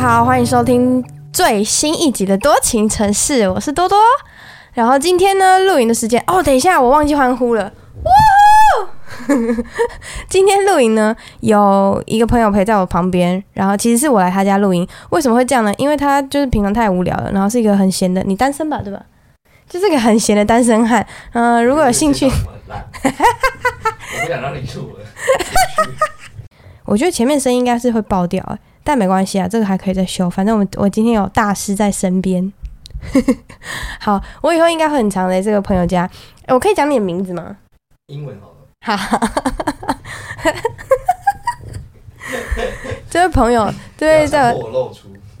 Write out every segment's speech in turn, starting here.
大家好，歡迎收聽最新一集的《多情城市》，我是多多。然後今天呢，露營的時間哦，等一下我忘記歡呼了。呼 今天露營呢，有一個朋友陪在我旁邊，然後其實是我來他家露營。為什麼會這樣呢？因為他就是平常太無聊了，然後是一個很閒的，你單身吧，對吧？就是個很閒的單身漢。嗯、呃，如果有興趣，我, 我不想讓你住了。 我覺得前面聲音應該是會爆掉哎、欸。但沒關係啊，這個還可以再修。反正我我今天有大師在身邊， 好，我以後應該會很長的，欸。來這個朋友家。欸，我可以講你的名字嗎？英文好了 這位朋友，這 位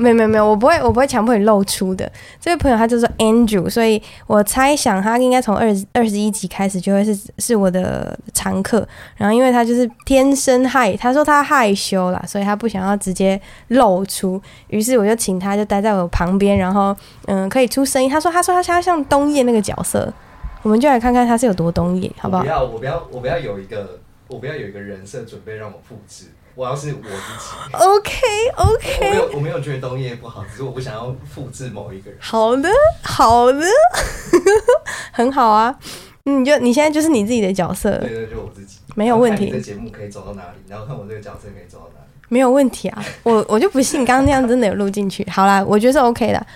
沒有沒有沒有，我不會我不會強迫你露出的。這位朋友他就是 Andrew，所以我猜想他應該從二十、二十一集開始就會是是我的常客。然後因為他就是天生害，他說他害羞啦，所以他不想要直接露出。於是我就請他就待在我旁邊，然後嗯可以出聲音。他說他說他他像冬夜那個角色，我們就來看看他是有多冬夜，好不好？我不要我不要我不要，我不要有一個我不要有一個人設準備讓我複製。我要是我自己，OK OK。我，我沒有我沒有覺得東葉不好，只是我不想要複製某一個人。好的，好的， 很好啊。你就你現在就是你自己的角色，對對，對，就我自己，沒有問題。你的節目可以走到哪裡，然後看我這個角色可以走到哪裡。沒有問題啊，我我就不信剛剛那樣真的有錄進去。好啦，我覺得是 OK 的。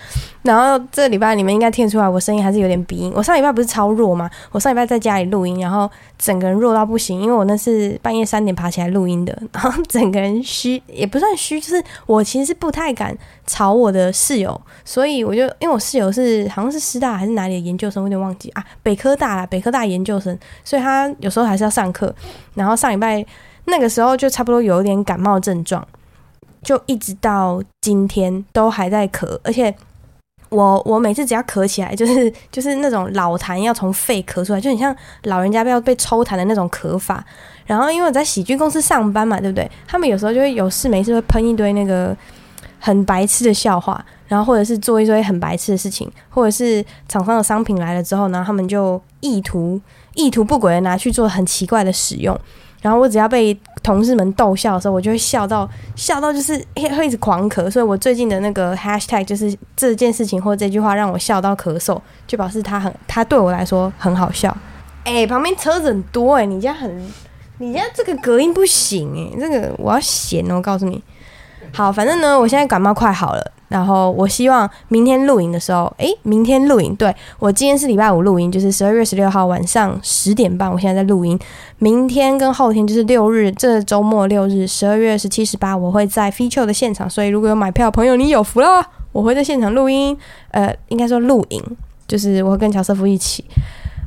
然後這禮拜你們應該聽出來，我聲音還是有點鼻音。我上禮拜不是超弱嘛？我上禮拜在家裡錄音，然後整個人弱到不行，因為我那是半夜三點爬起來錄音的，然後整個人虛也不算虛，就是我其實是不太敢吵我的室友，所以我就因為我室友是好像是師大還是哪裡的研究生，我有點忘記啊，北科大啦，北科大研究生，所以他有時候還是要上課，然後上禮拜。那個時候就差不多有一點感冒症狀，就一直到今天都還在咳，而且我我每次只要咳起來，就是就是那種老痰要從肺咳出來，就很像老人家被要被抽痰的那種咳法。然後因為我在喜劇公司上班嘛，對不對？他們有時候就會有事沒事會噴一堆那個很白痴的笑話，然後或者是做一堆很白痴的事情，或者是廠商的商品來了之後呢，然後他們就意圖意圖不軌的拿去做很奇怪的使用。然後我只要被同事們逗笑的時候，我就會笑到笑到就是會會一直狂咳。所以我最近的那個 hashtag 就是這件事情或這句話讓我笑到咳嗽，就表示它很它對我來說很好笑。欸，旁邊車子很多欸，你家很你家這個隔音不行欸，這個我要閒我告訴你。好，反正呢，我現在感冒快好了。然後我希望明天錄音的時候，誒，明天錄音。對，我今天是禮拜五錄音，就是十二月十六號晚上十點半。我現在在錄音，明天跟後天就是六日，這周末六日，十二月十七、十八，我會在 feature 的現場。所以如果有買票的朋友，你有福了，我會在現場錄音。呃，應該說錄影，就是我跟喬瑟夫一起，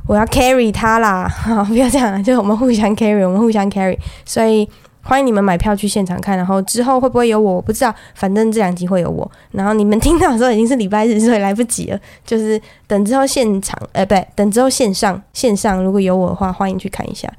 我要 carry 他啦。不要這樣，就我們互相 carry，我們互相 carry。所以。歡迎你們買票去現場看，然後之後會不會有我，我不知道，反正這兩集會有我。然後你們聽到的時候已經是禮拜日，所以來不及了。就是等之後現場，呃，不對，等之後線上，線上如果有我的話，歡迎去看一下。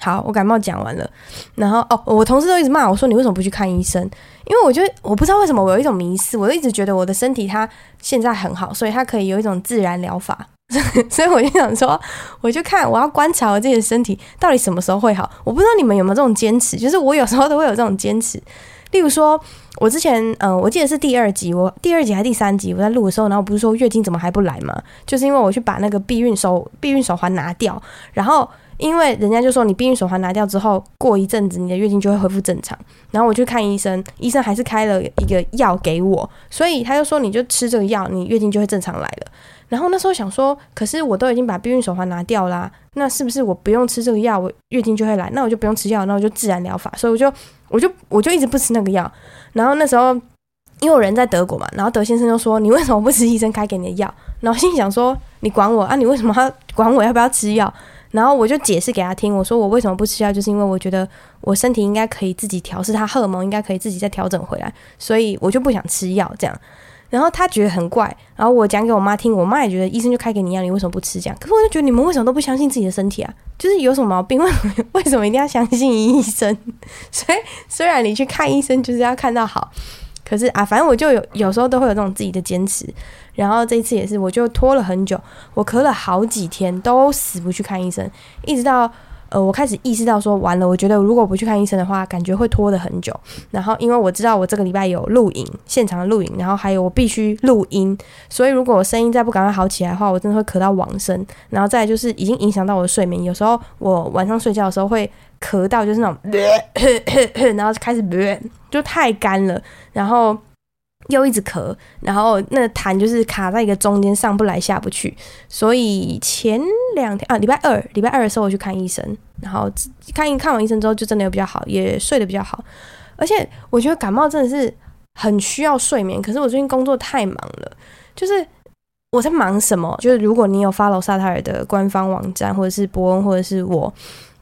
好，我感冒講完了。然後哦，我同事都一直罵我說，你為什麼不去看醫生？因為我就，我不知道為什麼我有一種迷思，我就一直覺得我的身體它現在很好，所以它可以有一種自然療法。 所以我就想說，我就看我要觀察我自己的身體到底什麼時候會好。我不知道你們有沒有這種堅持，就是我有時候都會有這種堅持。例如說，我之前嗯、呃，我記得是第二集，我第二集還是第三集我在錄的時候，然後不是說月經怎麼還不來嘛？就是因為我去把那個避孕手避孕手環拿掉，然後。因為人家就說，你避孕手環拿掉之後，過一陣子你的月經就會恢復正常。然後我去看醫生，醫生還是開了一個藥給我，所以他就說，你就吃這個藥，你月經就會正常來了。然後那時候想說，可是我都已經把避孕手環拿掉啦啊，那是不是我不用吃這個藥，我月經就會來？那我就不用吃藥，那我就自然療法。所以我就我就我就一直不吃那個藥。然後那時候因為我人在德國嘛，然後德先生就說，你為什麼不吃醫生開給你的藥？然後心裡想說，你管我啊？你為什麼要管我要不要吃藥？然後我就解釋給他聽，我說我為什麼不吃藥，就是因為我覺得我身體應該可以自己調試，是他荷爾蒙應該可以自己再調整回來，所以我就不想吃藥這樣。然後他覺得很怪，然後我講給我媽聽，我媽也覺得醫生就開給你藥，你為什麼不吃這樣？可是我就覺得你們為什麼都不相信自己的身體啊？就是有什麼毛病，為為什麼一定要相信醫生？所以雖然你去看醫生就是要看到好，可是啊，反正我就有有時候都會有這種自己的堅持。然後這一次也是，我就拖了很久，我咳了好幾天，都死不去看醫生，一直到呃，我開始意識到說完了，我覺得如果不去看醫生的話，感覺會拖得很久。然後因為我知道我這個禮拜有錄影，現場的錄影，然後還有我必須錄音，所以如果我聲音再不趕快好起來的話，我真的會咳到往生。然後再就是已經影響到我的睡眠，有時候我晚上睡覺的時候會咳到就是那種， 然後開始 就太乾了，然後。又一直咳，然後那痰就是卡在一個中間，上不來下不去。所以前兩天啊，禮拜二、禮拜二的時候我去看醫生，然後看一看完醫生之後，就真的有比較好，也睡得比較好。而且我覺得感冒真的是很需要睡眠。可是我最近工作太忙了，就是我在忙什麼？就是如果你有 follow 薩泰爾的官方網站，或者是博恩，或者是我，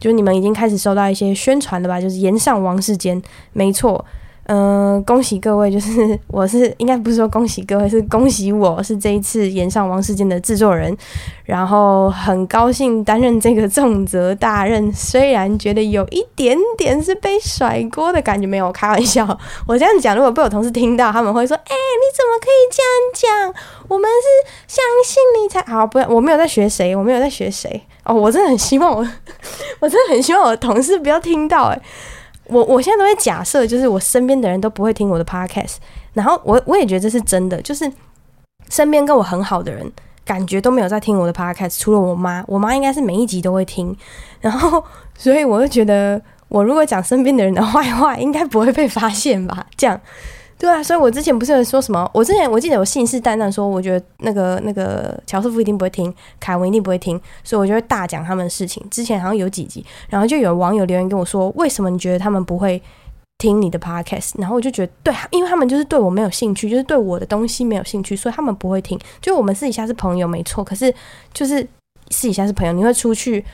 就是你們已經開始收到一些宣傳了吧？就是炎上王世堅，沒錯。嗯、呃，恭喜各位！就是我是應該不是說恭喜各位，是恭喜我是這一次《炎上王世堅》的製作人，然後很高興擔任這個重責大任。雖然覺得有一點點是被甩鍋的感覺，沒有開玩笑。我這樣講，如果被我同事聽到，他們會說：“哎、欸，你怎麼可以這樣講？我們是相信你才好。”不要，我沒有在學誰，我沒有在學誰哦。我真的很希望我，我真的很希望我的同事不要聽到哎、欸。我我現在都會假設，就是我身邊的人都不會聽我的 podcast，然後我我也覺得這是真的，就是身邊跟我很好的人，感覺都沒有在聽我的 podcast，除了我媽，我媽應該是每一集都會聽，然後所以我就覺得，我如果講身邊的人的壞話，應該不會被發現吧？這樣。對啊，所以我之前不是說什麼？我之前我記得我信誓旦旦說，我覺得那個那個喬師夫一定不會聽，凱文一定不會聽，所以我就會大講他們的事情。之前好像有幾集，然後就有網友留言跟我說，為什麼你覺得他們不會聽你的 podcast？然後我就覺得，對，因為他們就是對我沒有興趣，就是對我的東西沒有興趣，所以他們不會聽。就我們私底下是朋友沒錯，可是就是私底下是朋友，你會出去。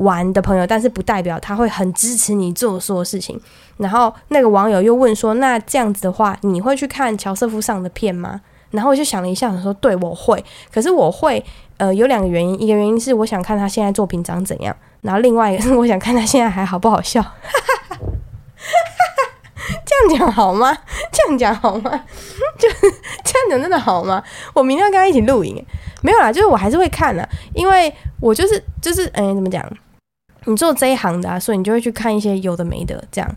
玩的朋友，但是不代表他會很支持你做所有事情。然後那個網友又問說：“那這樣子的話，你會去看喬瑟夫上的片嗎？”然後我就想了一下，我說：“對，我會。可是我會，呃，有兩個原因。一個原因是我想看他現在作品長怎樣，然後另外一個是我想看他現在還好不好笑。”哈哈哈哈哈，這樣講好嗎？這樣講好嗎？ 就是這樣講真的好嗎？我明天要跟他一起錄影，欸，沒有啦，就是我還是會看啦，因為我就是就是，哎、欸，怎麼講？你做這一行的啊，所以你就會去看一些有的沒的，這樣。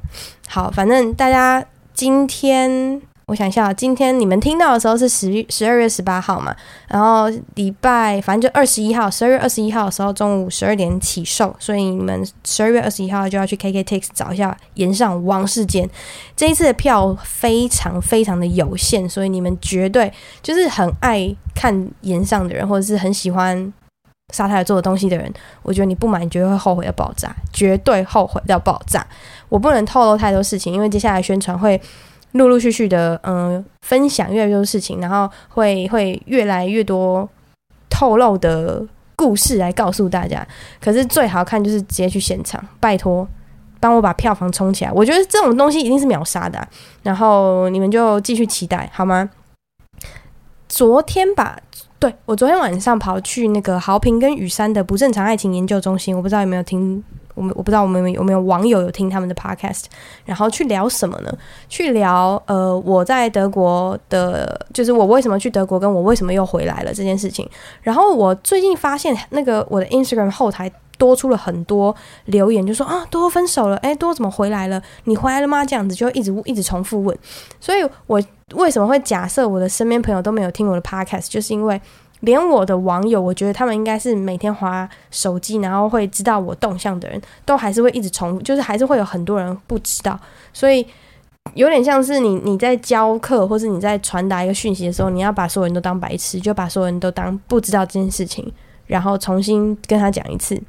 好，反正大家今天，我想一下，今天你們聽到的時候是十十二月十八號嘛，然後禮拜反正就二十一號，十二月二十一號的時候中午十二點起售，所以你們十二月二十一號就要去 KKTIX 找一下炎上王世堅。這一次的票非常非常的有限，所以你們絕對就是很愛看炎上的人，或者是很喜歡。殺他有做的東西的人，我覺得你不買，你絕對會後悔要爆炸，絕對後悔要爆炸。我不能透露太多事情，因為接下來宣傳會陸陸續續的，嗯，分享越來越多事情，然後會會越來越多透露的故事來告訴大家。可是最好看就是直接去現場，拜托幫我把票房衝起來。我覺得這種東西一定是秒殺的啊，然後你們就繼續期待好嗎？昨天吧。對，我昨天晚上跑去那個豪平跟雨山的不正常愛情研究中心，我不知道有沒有聽我們，我不知道我們有沒有，我沒有網友有聽他們的 podcast，然後去聊什麼呢？去聊呃我在德國的，就是我為什麼去德國，跟我為什麼又回來了這件事情。然後我最近發現那個我的 Instagram 後台。多出了很多留言，就說啊，多多分手了，哎，多多怎麼回來了？你回來了嗎？這樣子就一直一直重複問，所以我為什麼會假設我的身邊朋友都沒有聽我的 podcast，就是因為連我的網友，我覺得他們應該是每天滑手機，然後會知道我動向的人，都還是會一直重複。就是還是會有很多人不知道，所以有點像是你你在教課，或是你在傳達一個訊息的時候，你要把所有人都當白痴，就把所有人都當不知道這件事情，然後重新跟他講一次。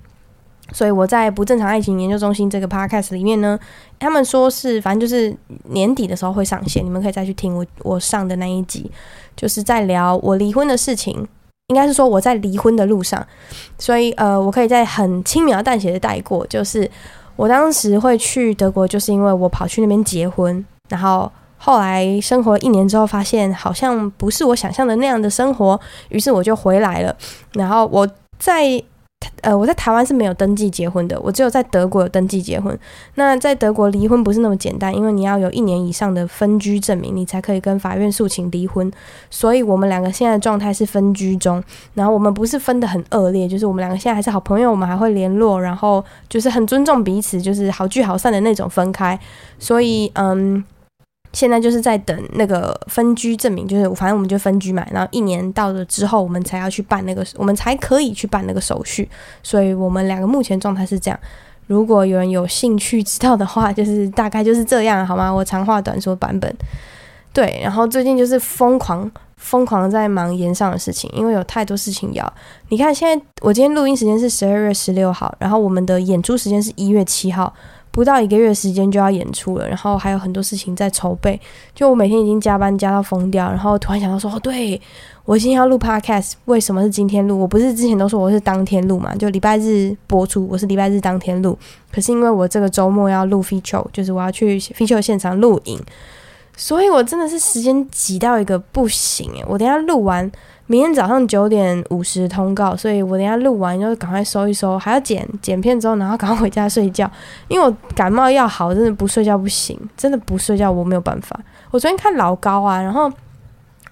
所以我在不正常愛情研究中心這個 podcast 裡面呢，他們說是反正就是年底的時候會上線，你們可以再去聽我我上的那一集，就是在聊我離婚的事情，應該是說我在離婚的路上，所以呃，我可以在很輕描淡寫的帶過，就是我當時會去德國，就是因為我跑去那邊結婚，然後後來生活了一年之後，發現好像不是我想象的那樣的生活，於是我就回來了，然後我在。呃，我在台灣是沒有登記結婚的，我只有在德國有登記結婚。那在德國離婚不是那麼簡單，因為你要有一年以上的分居證明，你才可以跟法院訴請離婚。所以我們兩個現在狀態是分居中，然後我們不是分得很惡劣，就是我們兩個現在還是好朋友，我們還會聯絡，然後就是很尊重彼此，就是好聚好散的那種分開。所以，嗯。現在就是在等那個分居證明，就是反正我們就分居嘛，然後一年到了之後，我們才要去辦那個，我們才可以去辦那個手續。所以我們兩個目前狀態是這樣。如果有人有興趣知道的話，就是大概就是這樣，好嗎？我長話短說版本。對，然後最近就是瘋狂瘋狂在忙炎上的事情，因為有太多事情要。你看，現在我今天錄音時間是十二月十六號，然後我們的演出時間是一月七號。不到一個月的時間就要演出了，然後還有很多事情在籌備。就我每天已經加班加到瘋掉，然後突然想到說，哦，對，我今天要錄 podcast。為什麼是今天錄？我不是之前都說我是當天錄嘛？就禮拜日播出，我是禮拜日當天錄。可是因為我這個週末要錄 feature，就是我要去 feature 現場錄影，所以我真的是時間擠到一個不行欸。我等一下錄完。明天早上九點五十通告，所以我等一下錄完就趕快收一收，還要剪剪片之後，然後趕快回家睡覺，因為我感冒要好，真的不睡覺不行，真的不睡覺我沒有辦法。我昨天看老高啊，然後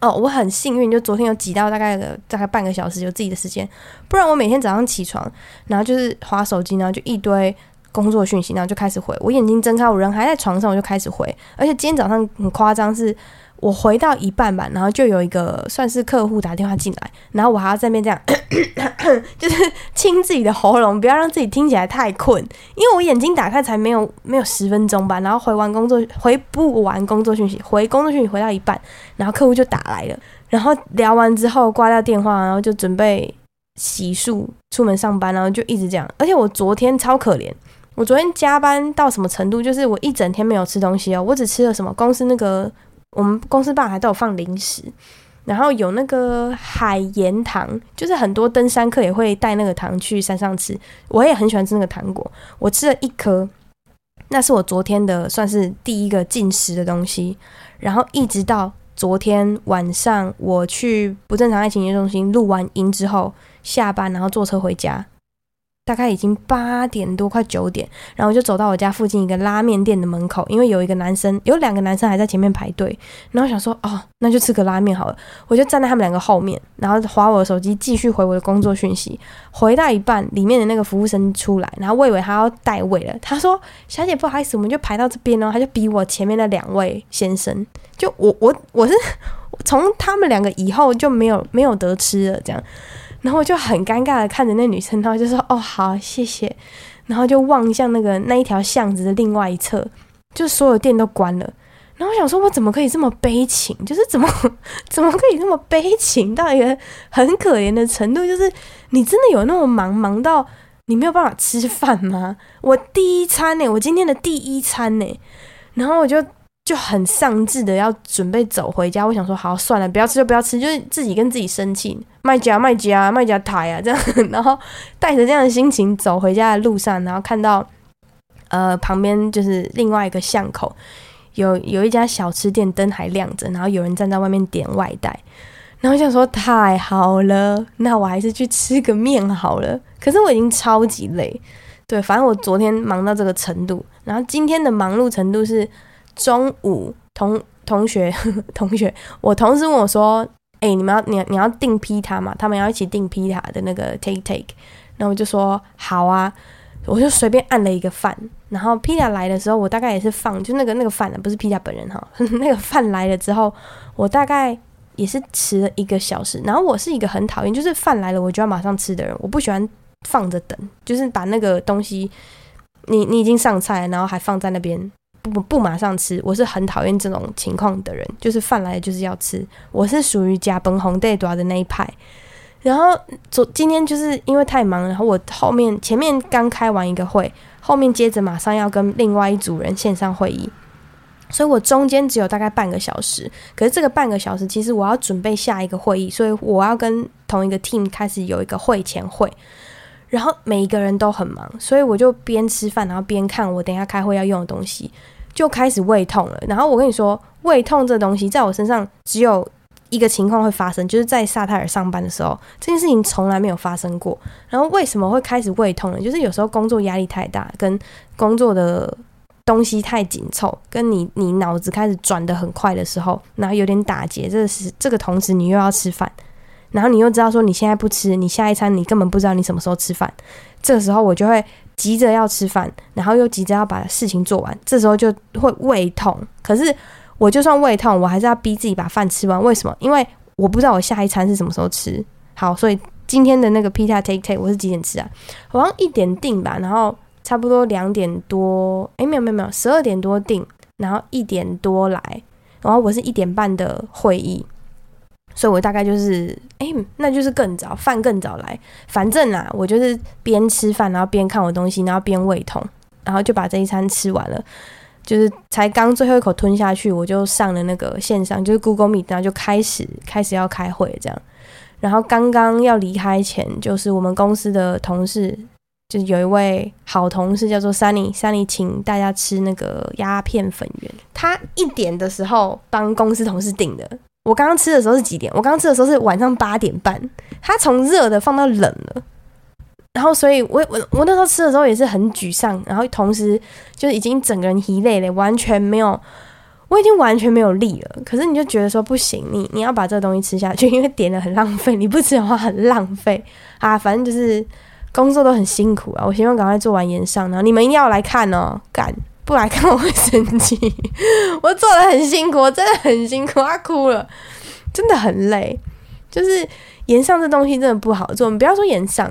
哦，我很幸運，就昨天有擠到大概個大概半個小時有自己的時間，不然我每天早上起床，然後就是滑手機然後就一堆工作訊息，然後就開始回，我眼睛睜開，我人還在床上，我就開始回，而且今天早上很誇張是。我回到一半吧，然後就有一個算是客戶打電話進來，然後我還要在那邊這樣， 就是清自己的喉嚨，不要讓自己聽起來太困，因為我眼睛打開才沒有，沒有十分鐘吧，然後回完工作，回不完工作訊息，回工作訊息回到一半，然後客戶就打來了，然後聊完之後掛掉電話，然後就準備洗漱出門上班，然後就一直這樣，而且我昨天超可憐，我昨天加班到什麼程度？就是我一整天沒有吃東西哦，我只吃了什麼公司那個。我們公司吧，還都有放零食，然後有那個海鹽糖，就是很多登山客也會帶那個糖去山上吃。我也很喜歡吃那個糖果，我吃了一顆，那是我昨天的算是第一個進食的東西。然後一直到昨天晚上，我去不正常愛情研究中心錄完音之後下班，然後坐車回家。大概已經八點多，快九點，然後我就走到我家附近一個拉麵店的門口，因為有一個男生，有兩個男生還在前面排隊，然後我想說哦，那就吃個拉麵好了，我就站在他們兩個後面，然後划我手機繼續回我的工作訊息，回到一半，裡面的那個服務生出來，然後我以為他要帶位了，他說小姐不好意思，我們就排到這邊哦，他就比我前面那兩位先生，就我我我是從他們兩個以後就沒有沒有得吃了這樣。然後我就很尷尬的看着那女生，她就說：“哦，好，謝謝。”然後就望向那個那一條巷子的另外一側，就所有店都關了。然後我想說，我怎麼可以這麼悲情？就是怎麼怎麼可以這麼悲情？到一個很可憐的程度，就是你真的有那麼忙，忙到你沒有辦法吃飯嗎？我第一餐欸，我今天的第一餐欸，然後我就。就很喪志的要準備走回家，我想說好算了，不要吃就不要吃，就是自己跟自己生氣。賣家，賣家，賣家台啊，這樣，然後帶着這樣的心情走回家的路上，然後看到，呃，旁邊就是另外一個巷口，有有一家小吃店燈還亮着，然後有人站在外面點外帶，然後我想說太好了，那我還是去吃個麵好了。可是我已經超級累，對，反正我昨天忙到這個程度，然後今天的忙碌程度是。中午同同學呵呵同學，我同事問我說：“誒、欸，你們要你你要訂披薩嗎？他們要一起訂披薩的那個 take take。”然後我就說：“好啊。”我就隨便按了一個飯。然後披薩來的時候，我大概也是放就那個那個飯不是披薩本人哈。那個飯、啊、 來了之後，我大概也是遲了一個小時。然後我是一個很討厭，就是飯來了我就要馬上吃的人，我不喜歡放着等，就是把那個東西你你已經上菜了，然後還放在那邊。不不不，不馬上吃！我是很討厭這種情況的人，就是飯來的就是要吃。我是屬於加崩紅帶多的那一派。然後昨今天就是因為太忙，然後我後面前面剛開完一個會，後面接着馬上要跟另外一組人線上會議，所以我中間只有大概半個小時。可是這個半個小時，其實我要準備下一個會議，所以我要跟同一個 team 開始有一個會前會。然後每一個人都很忙，所以我就邊吃飯，然後邊看我等一下開會要用的東西。就開始胃痛了，然後我跟你說，胃痛這東西在我身上只有一個情況會發生，就是在薩泰爾上班的時候，這件事情從來沒有發生過。然後為什麼會開始胃痛呢？就是有時候工作壓力太大，跟工作的東西太緊湊，跟你你腦子開始轉得很快的時候，然後有點打結。這是、個、這個同時，你又要吃飯，然後你又知道說你現在不吃，你下一餐你根本不知道你什麼時候吃飯。這個時候我就會。急着要吃飯，然後又急着要把事情做完，這時候就會胃痛。可是我就算胃痛，我還是要逼自己把飯吃完。為什麼？因為我不知道我下一餐是什麼時候吃。好，所以今天的那個 pita take take 我是幾點吃啊？好像一點訂吧，然後差不多兩點多，哎，沒有沒有沒有，十二點多訂，然後一點多來，然後我是一點半的會議。所以，我大概就是，哎、欸，那就是更早，飯更早來。反正啊，我就是邊吃飯，然後邊看我東西，然後邊胃痛，然後就把這一餐吃完了。就是才剛最後一口吞下去，我就上了那個線上，就是 Google Meet，然後就開始開始要開會這樣。然後剛剛要離開前，就是我們公司的同事，就是有一位好同事叫做 Sunny，Sunny Sunny，請大家吃那個鴉片粉圓。他一點的時候幫公司同事訂的。我剛剛吃的時候是幾點？我剛剛吃的時候是晚上八點半，它從熱的放到冷了，然後所以我，我我我那時候吃的時候也是很沮喪，然後同時就是已經整個人疲累了，完全沒有，我已經完全沒有力了。可是你就覺得說不行，你你要把這個東西吃下去，因為點了很浪費，你不吃的話很浪費啊。反正就是工作都很辛苦啊，我希望趕快做完炎上，然後你們一定要來看哦、喔，幹。不來看我會生氣， 我做的很辛苦，我真的很辛苦，我哭了，真的很累，就是炎上這東西真的不好做，我們不要說炎上。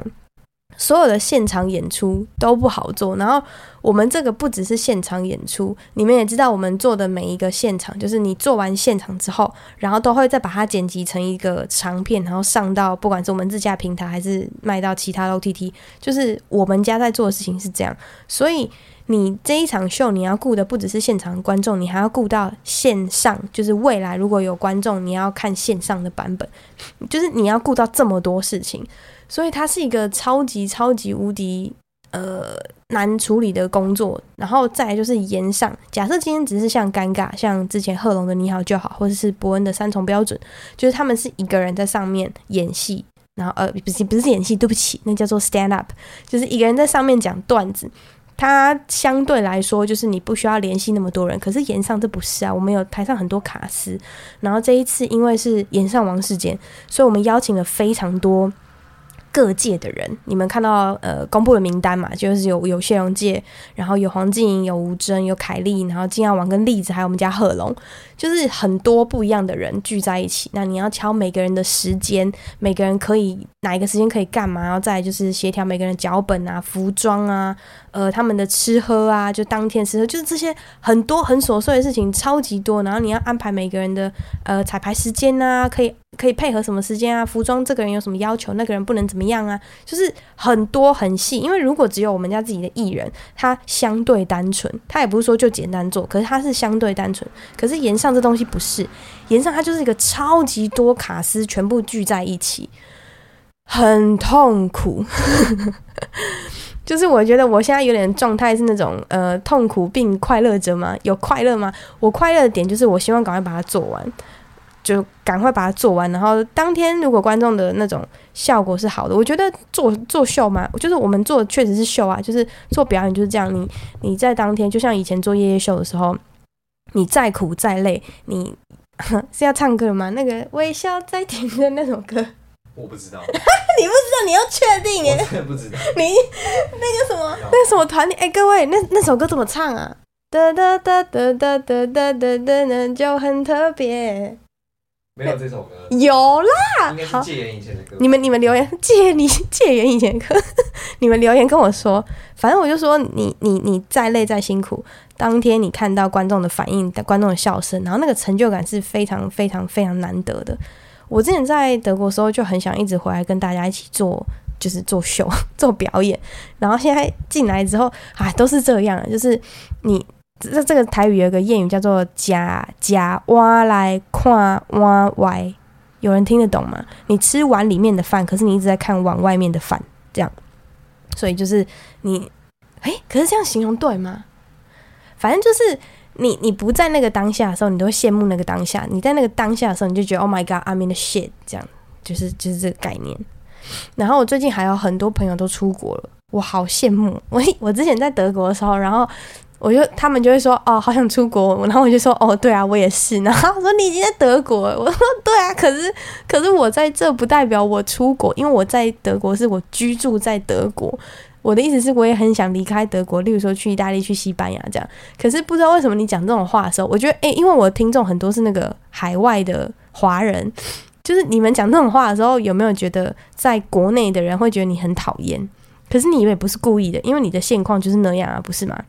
所有的現場演出都不好做，然後我們這個不只是現場演出，你們也知道，我們做的每一個現場，就是你做完現場之後，然後都會再把它剪輯成一個長片，然後上到不管是我們自家平台還是賣到其他 OTT，就是我們家在做的事情是這樣。所以你這一場秀，你要顧的不只是現場觀眾，你還要顧到線上，就是未來如果有觀眾，你要看線上的版本，就是你要顧到這麼多事情。所以它是一個超級超級無敵呃難處理的工作，然後再來就是炎上。假設今天只是像尷尬，像之前賀瓏的你好就好，或者是博恩的三重標準，就是他們是一個人在上面演戲，然後呃不是不是演戲，對不起，那叫做 stand up，就是一個人在上面講段子。它相對來說就是你不需要聯繫那麼多人，可是炎上這不是啊，我們有台上很多卡司，然後這一次因為是炎上王世堅，所以我們邀請了非常多。各界的人，你們看到呃公布的名單嘛？就是有有謝龍介，然後有黃靜瑩，有吳崢，有凱麗，然後金耀王跟栗子，還有我們家賀龍，就是很多不一樣的人聚在一起。那你要敲每個人的時間，每個人可以哪一個時間可以幹嘛？然後再就是協調每個人腳本啊、服裝啊。呃，他們的吃喝啊，就當天吃喝，就是這些很多很瑣碎的事情，超級多。然後你要安排每個人的呃彩排時間啊，可以可以配合什麼時間啊？服裝，這個人有什麼要求，那個人不能怎麼樣啊？就是很多很細。因為如果只有我們家自己的藝人，他相對單純，他也不是說就簡單做，可是他是相對單純。可是炎上這東西不是，炎上它就是一個超級多卡司，全部聚在一起。很痛苦， 就是我覺得我現在有點狀態是那種呃痛苦並快樂着嗎？有快樂嗎？我快樂的點就是我希望趕快把它做完，就趕快把它做完。然後當天如果觀眾的那種效果是好的，我覺得做做秀嘛，就是我們做確實是秀啊，就是做表演就是這樣。你你在當天，就像以前做夜夜秀的時候，你再苦再累，你是要唱歌嗎？那個微笑在聽的那首歌。我不知道， 你不知道，你要確定耶？ 我真的不知道。你那個什麼，那個什麼團裡，哎、欸，各位，那那首歌怎麼唱啊？噠噠噠噠噠噠噠噠噠，噠，就很特別。沒有這首歌。有啦，好，應該是戒嚴以前的歌。你們你們留言，戒你，戒嚴以前的歌， 你們留言跟我說。反正我就說你，你你你再累再辛苦，當天你看到觀眾的反應、觀眾的笑聲，然後那個成就感是非常非常非常難得的。我之前在德國時候就很想一直回來跟大家一起做，就是做秀、做表演。然後現在進來之後，啊，都是這樣。就是你，這這個台語有個諺語叫做“食，食碗內，來看碗外”，有人聽得懂嗎？你吃碗裡面的飯，可是你一直在看碗外面的飯，這樣。所以就是你，哎，可是這樣形容對嗎？反正就是。你你不在那個當下的時候，你都會羨慕那個當下；你在那個當下的時候，你就覺得 Oh my God，I'm in the shit，這樣就是就是這個概念。然後我最近還有很多朋友都出國了，我好羨慕。我我之前在德國的時候，然後我就他們就會說哦，好想出國，然後我就說哦，對啊，我也是。然後我說你已經在德國了。我說對啊，可是可是我在這不代表我出國，因為我在德國是我居住在德國。我的意思是，我也很想離開德國，例如說去意大利、去西班牙這樣。可是不知道為什麼你講這種話的時候，我覺得哎、欸，因為我聽眾很多是那個海外的華人，就是你們講這種話的時候，有沒有覺得在國內的人會覺得你很討厭？可是你以為不是故意的，因為你的現況就是那樣啊，不是嗎？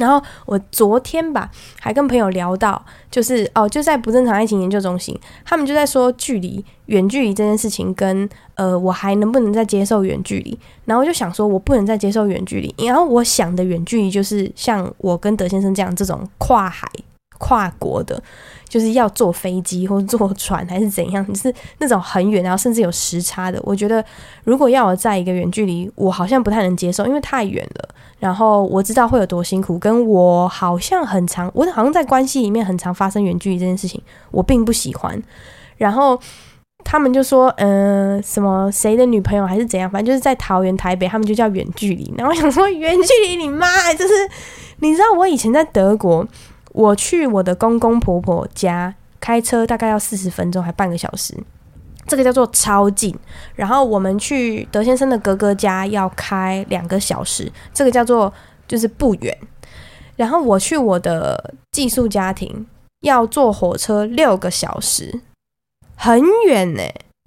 然後我昨天吧，還跟朋友聊到，就是哦，就在不正常愛情研究中心，他們就在說距離遠距離這件事情跟，跟呃，我還能不能再接受遠距離？然後就想說，我不能再接受遠距離。然後我想的遠距離就是像我跟德先生這樣這種跨海。跨國的，就是要坐飛機或者坐船還是怎樣，就是那種很遠，然後甚至有時差的。我覺得如果要我在一個遠距離，我好像不太能接受，因為太遠了。然後我知道會有多辛苦，跟我好像很常，我好像在關係裡面很常發生遠距離這件事情，我並不喜歡。然後他們就說，嗯、呃，什麼誰的女朋友還是怎樣，反正就是在桃園台北，他們就叫遠距離。然後我想說遠距離你媽，就是你知道我以前在德國。我去我的公公婆婆家，開車大概要四十分鐘，還半個小時，這個叫做超近。然後我們去德先生的哥哥家要開兩個小時，這個叫做就是不遠。然後我去我的寄宿家庭要坐火車六個小時，很遠呢！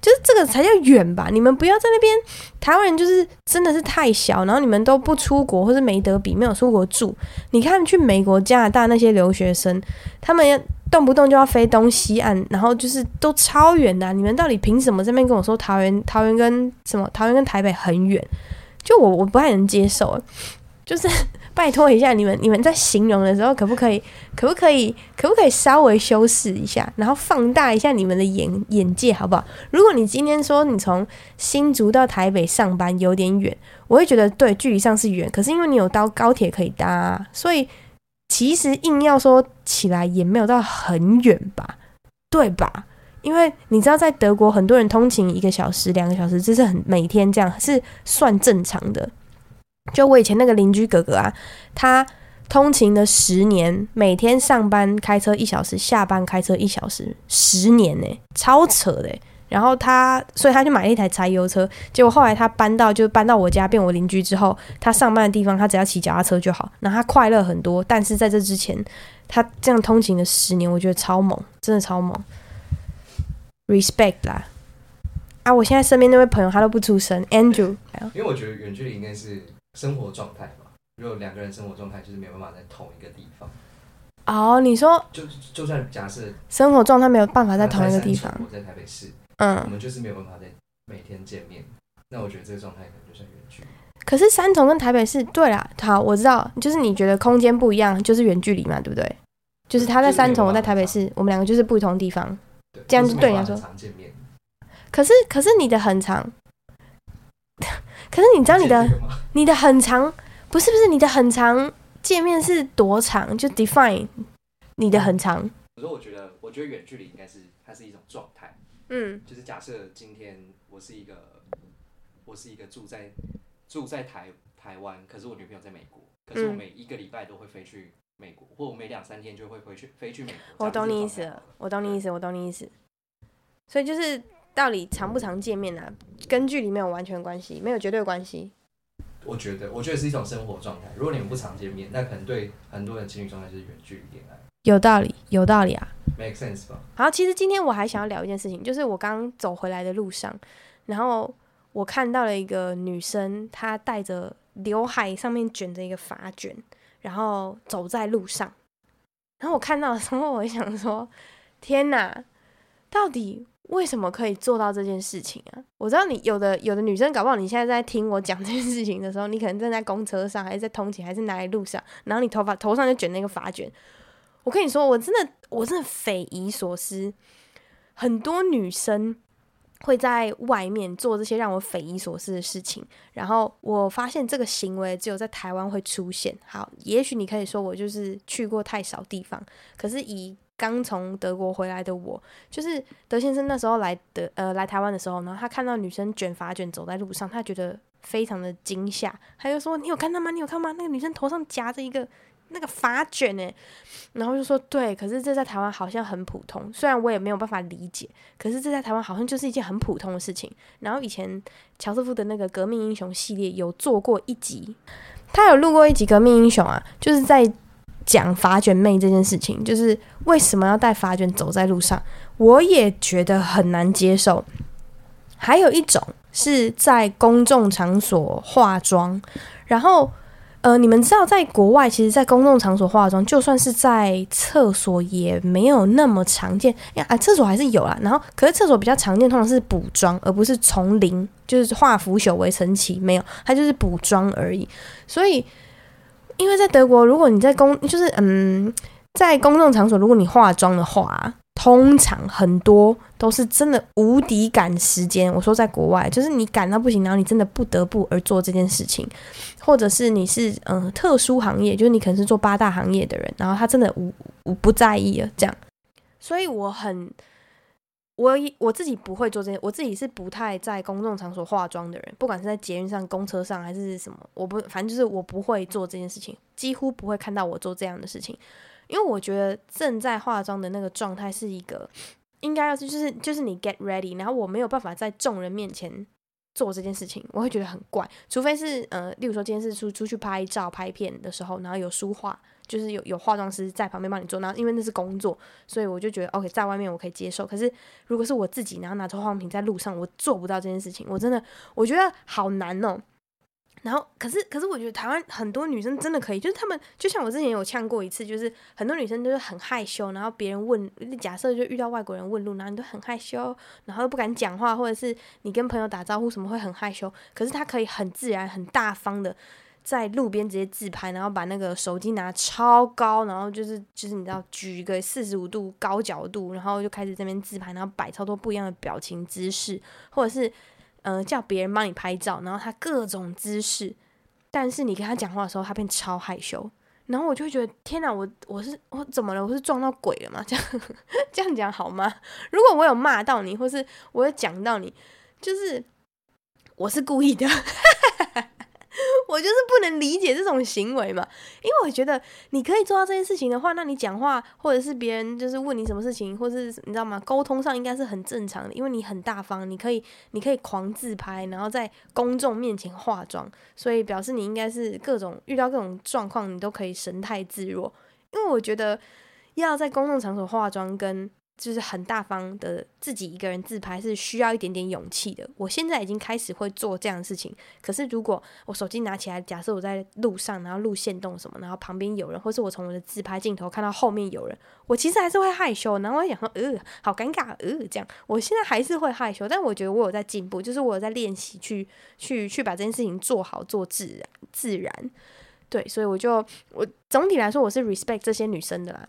就是這個才叫遠吧！你們不要在那邊，台灣人就是真的是太小，然後你們都不出國或是沒得比，沒有出國住。你看去美國、加拿大那些留學生，他們動不動就要飛東西岸，然後就是都超遠的啊。你們到底憑什麼這邊跟我說桃園？桃園跟什麼？桃園跟台北很遠？就我我不太能接受，就是。拜託一下你們，你們在形容的時候，可不可以，可不可以，可不可以稍微修飾一下，然後放大一下你們的眼眼界，好不好？如果你今天說你從新竹到台北上班有點遠，我會覺得對，距離上是遠，可是因為你有到高鐵可以搭啊，所以其實硬要說起來也沒有到很遠吧，對吧？因為你知道，在德國很多人通勤一個小時、兩個小時，這是很每天這樣是算正常的。就我以前那個鄰居哥哥啊，他通勤了十年，每天上班開車一小時，下班開車一小時，十年呢、欸，超扯的、欸。然後他，所以他去買了一台柴油車，結果後來他搬到就搬到我家變我鄰居之後，他上班的地方他只要騎腳踏車就好，那他快樂很多。但是在這之前，他這樣通勤了十年，我覺得超猛，真的超猛，respect 啦。啊，我現在身邊那位朋友他都不出聲，Andrew。因為我覺得遠距離應該是。生活狀態嘛，如果兩個人生活狀態就是沒有辦法在同一個地方。哦，你說就就，就算假設生活狀態沒有辦法在同一個地方，我在台北市，嗯，我們就是沒有辦法在每天見面。嗯、那我覺得這個狀態可能就算遠距離。可是三重跟台北市，對啦，好，我知道，就是你覺得空間不一樣，就是遠距離嘛，對不對？就是他在三重，就是，我在台北市，我們兩個就是不同地方，對這樣就對人家說。就是，常見面。可是可是你的很長。 可是你知道你的你的很長不是，不是你的很長界面是多長？就 define 你的很長。可、嗯、是我覺得，我覺得，我覺得遠距離應該是它是一種狀態。嗯，就是假設今天我是一個我是一個住在住在台台灣，可是我女朋友在美國，可是我每一個禮拜都會飛去美國，嗯、或我每兩三天就會回去飛去美國。我懂你意思了，了，我懂你意思，我懂你意思。所以就是。到底常不常見面啊？跟距離沒有完全關係，沒有絕對關係。我覺得，我覺得是一種生活狀態。如果你們不常見面，那可能對很多人情侶狀態是遠距離戀愛。有道理，有道理啊。Make sense 吧？好，其實今天我還想要聊一件事情，就是我剛走回來的路上，然後我看到了一個女生，她帶着劉海，上面卷着一個髮卷，然後走在路上。然後我看到的時候，我想說：“天哪！”到底為什麼可以做到這件事情啊？我知道你有的有的女生搞不好你現在在聽我講這件事情的時候，你可能站在公車上，還是在通勤，還是哪裡路上，然後你頭髮頭上就卷那個髮卷。我跟你說，我真的我真的匪夷所思。很多女生會在外面做這些讓我匪夷所思的事情，然後我發現這個行為只有在台灣會出現。好，也許你可以說我就是去過太少地方，可是以。剛從德國回來的我，就是德先生那時候來德呃來台灣的時候，呢，他看到女生捲髮捲走在路上，他覺得非常的驚嚇，他就說：“你有看到嗎？你有看到嗎？那個女生頭上夾着一個那個髮捲呢。”然後就說：“對，可是這在台灣好像很普通，雖然我也沒有辦法理解，可是這在台灣好像就是一件很普通的事情。”然後以前喬瑟夫的那個革命英雄系列有做過一集，他有錄過一集革命英雄啊，就是在。講髮卷妹這件事情，就是為什麼要帶髮卷走在路上？我也覺得很難接受。還有一種是在公眾場所化妝，然後呃，你們知道，在國外其實，在公眾場所化妝，就算是在廁所也沒有那麼常見。哎呀，啊，廁所還是有啊，然後可是廁所比較常見，通常是補妝，而不是從零就是化腐朽為神奇。沒有，它就是補妝而已，所以。因為在德國，如果你在公，就是嗯，在公眾場所，如果你化妝的話，通常很多都是真的無敵趕時間。我說在國外，就是你趕到不行，然後你真的不得不而做這件事情，或者是你是嗯特殊行業，就是你可能是做八大行業的人，然後他真的無無不在意啊，這樣，所以我很。我我自己不會做這件事，我自己是不太在公眾場所化妝的人，不管是在捷運上、公車上還是什麼，我不，反正就是我不會做這件事情，幾乎不會看到我做這樣的事情，因為我覺得正在化妝的那個狀態是一個應該要就是就是你 get ready，然後我沒有辦法在眾人面前做這件事情，我會覺得很怪，除非是呃，例如說今天是出出去拍照拍片的時候，然後有梳化。就是有有化妝師在旁邊幫你做，然後因為那是工作，所以我就覺得 OK，在外面我可以接受。可是如果是我自己，然後拿着化妝品在路上，我做不到這件事情，我真的我覺得好難哦。然後，可是可是我覺得台灣很多女生真的可以，就是他們就像我之前有嗆過一次，就是很多女生都是很害羞，然後別人問，假設就遇到外國人問路，然後你都很害羞，然後又不敢講話，或者是你跟朋友打招呼什麼會很害羞。可是她可以很自然很大方的。在路邊直接自拍，然後把那個手機拿得超高，然後就是就是你知道舉個四十五度高角度，然後就開始這邊自拍，然後擺超多不一樣的表情姿勢，或者是嗯、呃、叫別人幫你拍照，然後他各種姿勢，但是你跟他講話的時候，他變超害羞，然後我就會覺得天哪，我我是我怎麼了？我是撞到鬼了嗎？這樣這樣講好嗎？如果我有罵到你，或是我有講到你，就是我是故意的。 我就是不能理解這種行為嘛，因為我覺得你可以做到這件事情的話，那你講話或者是別人就是問你什麼事情，或者是你知道嗎？溝通上應該是很正常的，因為你很大方，你可以你可以狂自拍，然後在公眾面前化妝，所以表示你應該是各種遇到各種狀況，你都可以神態自若。因為我覺得要在公眾場所化妝跟。就是很大方的自己一個人自拍是需要一點點勇氣的。我現在已經開始會做這樣的事情。可是如果我手機拿起來，假設我在路上，然後錄限動什麼，然後旁邊有人，或是我從我的自拍鏡頭看到後面有人，我其實還是會害羞。然後我想說，呃，好尷尬，呃，這樣。我現在還是會害羞，但我覺得我有在進步，就是我有在練習去去去把這件事情做好，做自然自然。對，所以我就我總體來說，我是 respect 這些女生的啦。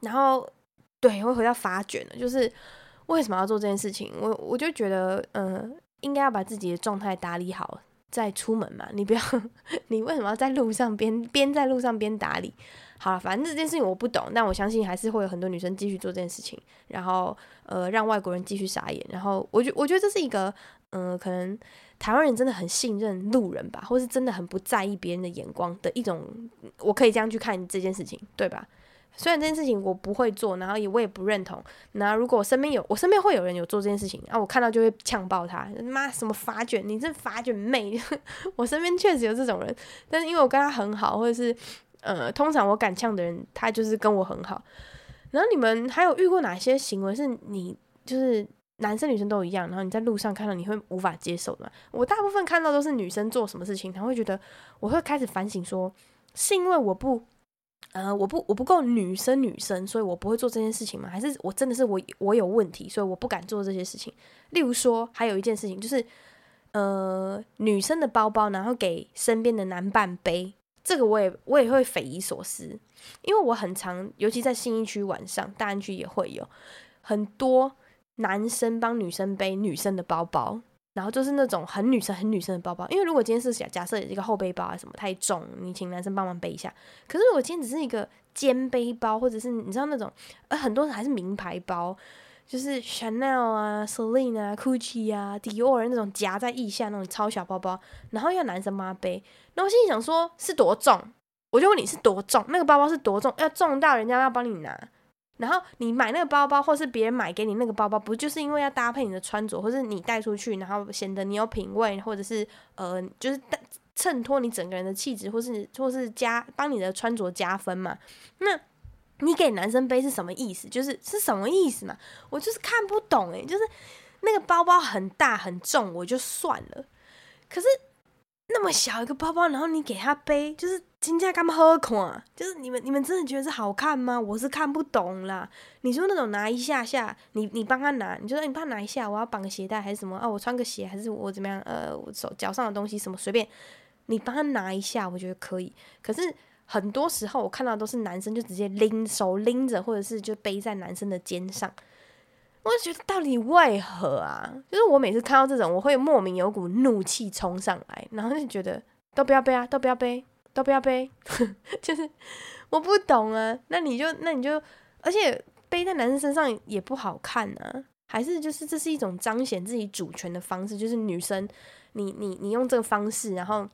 然後。對，會回到髮卷了。就是為什麼要做這件事情？我我就覺得，嗯、呃，應該要把自己的狀態打理好再出門嘛。你不要，你為什麼要在路上邊邊在路上邊打理？好了，反正這件事情我不懂，但我相信還是會有很多女生繼續做這件事情，然後呃，讓外國人繼續傻眼。然後我覺我覺得這是一個，嗯、呃，可能台灣人真的很信任路人吧，或是真的很不在意別人的眼光的一種。我可以這樣去看這件事情，對吧？雖然這件事情我不會做，然後也我也不認同。那如果我身邊有我身邊會有人有做這件事情，啊，我看到就會嗆爆他，媽什麼髮卷，你這髮卷妹！ 我身邊確實有這種人，但是因為我跟他很好，或者是呃，通常我敢嗆的人，他就是跟我很好。然後你們還有遇過哪些行為，是你就是男生女生都一樣，然後你在路上看到你會無法接受的？我大部分看到都是女生做什麼事情，他會覺得我會開始反省說，說是因為我不。呃，我不，我不夠女生，女生，所以我不會做這件事情嗎？還是我真的是我，我有問題，所以我不敢做這些事情？例如說，還有一件事情就是，呃，女生的包包，然後給身邊的男伴背，這個我也我也會匪夷所思，因為我很常，尤其在信義區晚上，大安區也會有很多男生幫女生背女生的包包。然後就是那種很女生、很女生的包包，因為如果今天是假假設一個後背包啊，什麼太重，你請男生幫忙背一下。可是如果今天只是一個肩背包，或者是你知道那種，呃，很多人還是名牌包，就是 Chanel 啊、Celine 啊、Gucci 啊、Dior 那種夾在腋下那種超小包包，然後要男生幫背，那我心裡想說，是多重？我就問你是多重？那個包包是多重？要重到人家要幫你拿？然後你買那個包包，或是別人買給你那個包包，不就是因為要搭配你的穿着，或是你帶出去，然後顯得你有品位，或者是呃，就是襯托你整個人的氣質，或是或是加幫你的穿着加分嘛？那你給男生背是什麼意思？就是是什麼意思嘛？我就是看不懂誒、欸，就是那個包包很大很重，我就算了，可是。那麼小一個包包，然後你給他背，就是金價幹嘛好看啊，就是你們，你們真的覺得是好看嗎？我是看不懂啦。你說那種拿一下下，你你幫他拿，你就說你幫他拿一下，我要綁個鞋帶還是什麼啊？哦，我穿個鞋還是我怎麼樣？呃，我手腳上的東西什麼隨便，你幫他拿一下，我覺得可以。可是很多時候我看到都是男生就直接拎手拎着，或者是就背在男生的肩上。我覺得到底為何啊？就是我每次看到這種，我會莫名有股怒氣衝上來，然後就覺得都不要背啊，都不要背，都不要背， 就是我不懂啊。那你就那你就，而且背在男生身上也不好看啊。還是就是這是一種彰顯自己主權的方式，就是女生，你你你用這個方式，然後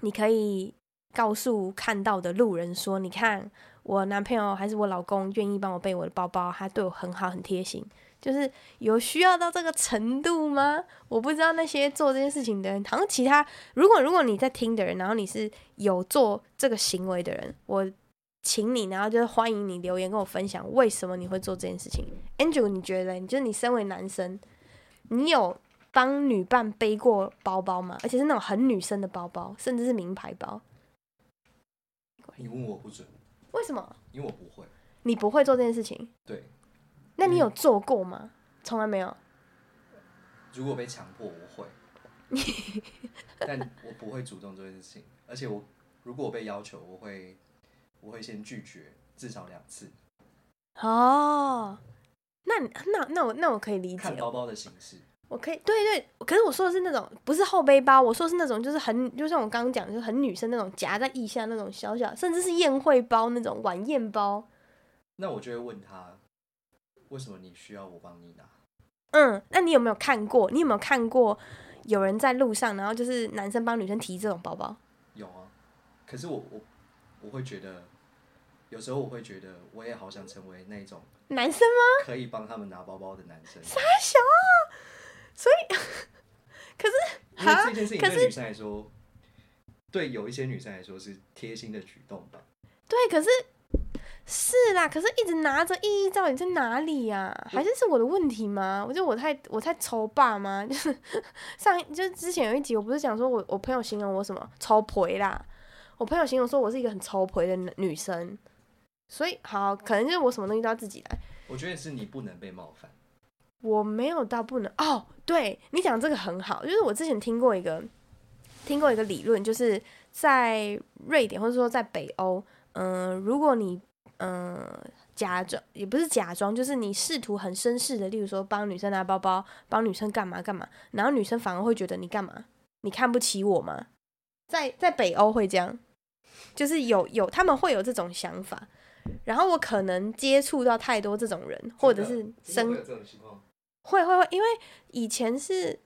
你可以告訴看到的路人說：你看，我男朋友還是我老公願意幫我背我的包包，他對我很好，很貼心。就是有需要到這個程度嗎？我不知道那些做這件事情的人，好像其他如果如果你在聽的人，然後你是有做這個行為的人，我請你，然後就是歡迎你留言跟我分享為什麼你會做這件事情。Andrew，你覺得，你、就是你身為男生，你有幫女伴背過包包嗎？而且是那種很女生的包包，甚至是名牌包？你問我不準？為什麼？因為我不會。你不會做這件事情？對。那你有做過嗎？嗯，從來沒有。如果被強迫，我會。 但我不會主動做這件事情，而且我如果我被要求，我會我會先拒絕至少兩次。哦，那那那，那我那我可以理解。看包包的形式，我可以對對，可是我說的是那種不是後背包，我說的是那種就是很就像我剛剛講的，就很女生那種夾在腋下那種小小，甚至是宴會包那種晚宴包。那我就會問他。為什麼你需要我幫你拿？嗯，那你有沒有看過？你有沒有看過有人在路上，然後就是男生幫女生提這種包包？有啊，可是我我我會覺得，有時候我會覺得我也好想成為那種男生嗎？可以幫他們拿包包的男生。三小，所以 可是啊，這件事情對女生來說，啊、對有一些女生來說是貼心的舉動吧？對，可是。是啦，可是一直拿着意義到底在哪裡呀、啊？還是是我的問題嗎？我覺得我太我太愁霸嗎？就 是上一就之前有一集，我不是講說我我朋友形容我什麼超婆啦，我朋友形容說我是一個很超婆的女生，所以好可能就是我什麼東西都要自己來。我覺得是你不能被冒犯，我沒有到不能哦。對你講這個很好，就是我之前聽過一個聽過一個理論，就是在瑞典或者說在北歐，嗯、呃，如果你。嗯，假裝也不是假裝，就是你試圖很紳士的，例如說幫女生拿包包，幫女生幹嘛幹嘛，然後女生反而會覺得你幹嘛？你看不起我嗎？在在北歐會這樣，就是有有他們會有這種想法，然後我可能接觸到太多這種人，或者是生會會會，因為以前是。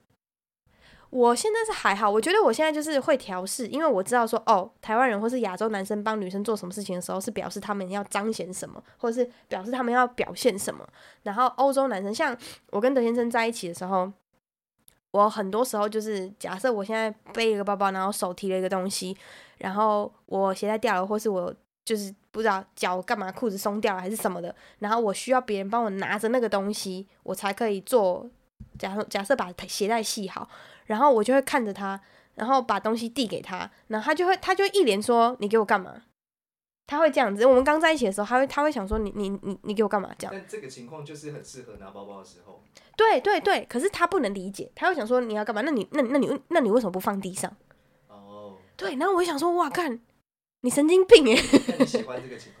我現在是還好，我覺得我現在就是會調適，因為我知道說哦，台灣人或是亞洲男生幫女生做什麼事情的時候，是表示他們要彰顯什麼，或是表示他們要表現什麼。然後歐洲男生，像我跟德先生在一起的時候，我很多時候就是假設我現在背一個包包，然後手提了一個東西，然後我鞋帶掉了，或是我就是不知道腳幹嘛，褲子鬆掉了還是什麼的，然後我需要別人幫我拿着那個東西，我才可以做。假設假設把鞋帶繫好。然後我就會看着他，然後把東西遞給他，然後他就會，他就一連說：“你給我幹嘛？”他會這樣子。我們剛在一起的時候，他會，他會想說你：“你你你你給我幹嘛？”這樣。那這個情況就是很適合拿包包的時候。對對對，可是他不能理解，他會想說：“你要幹嘛？那你那那你那你，那你為什麼不放地上？”哦、oh.。對，然後我想說：“哇，看，你神經病耶。那你喜歡這個情況？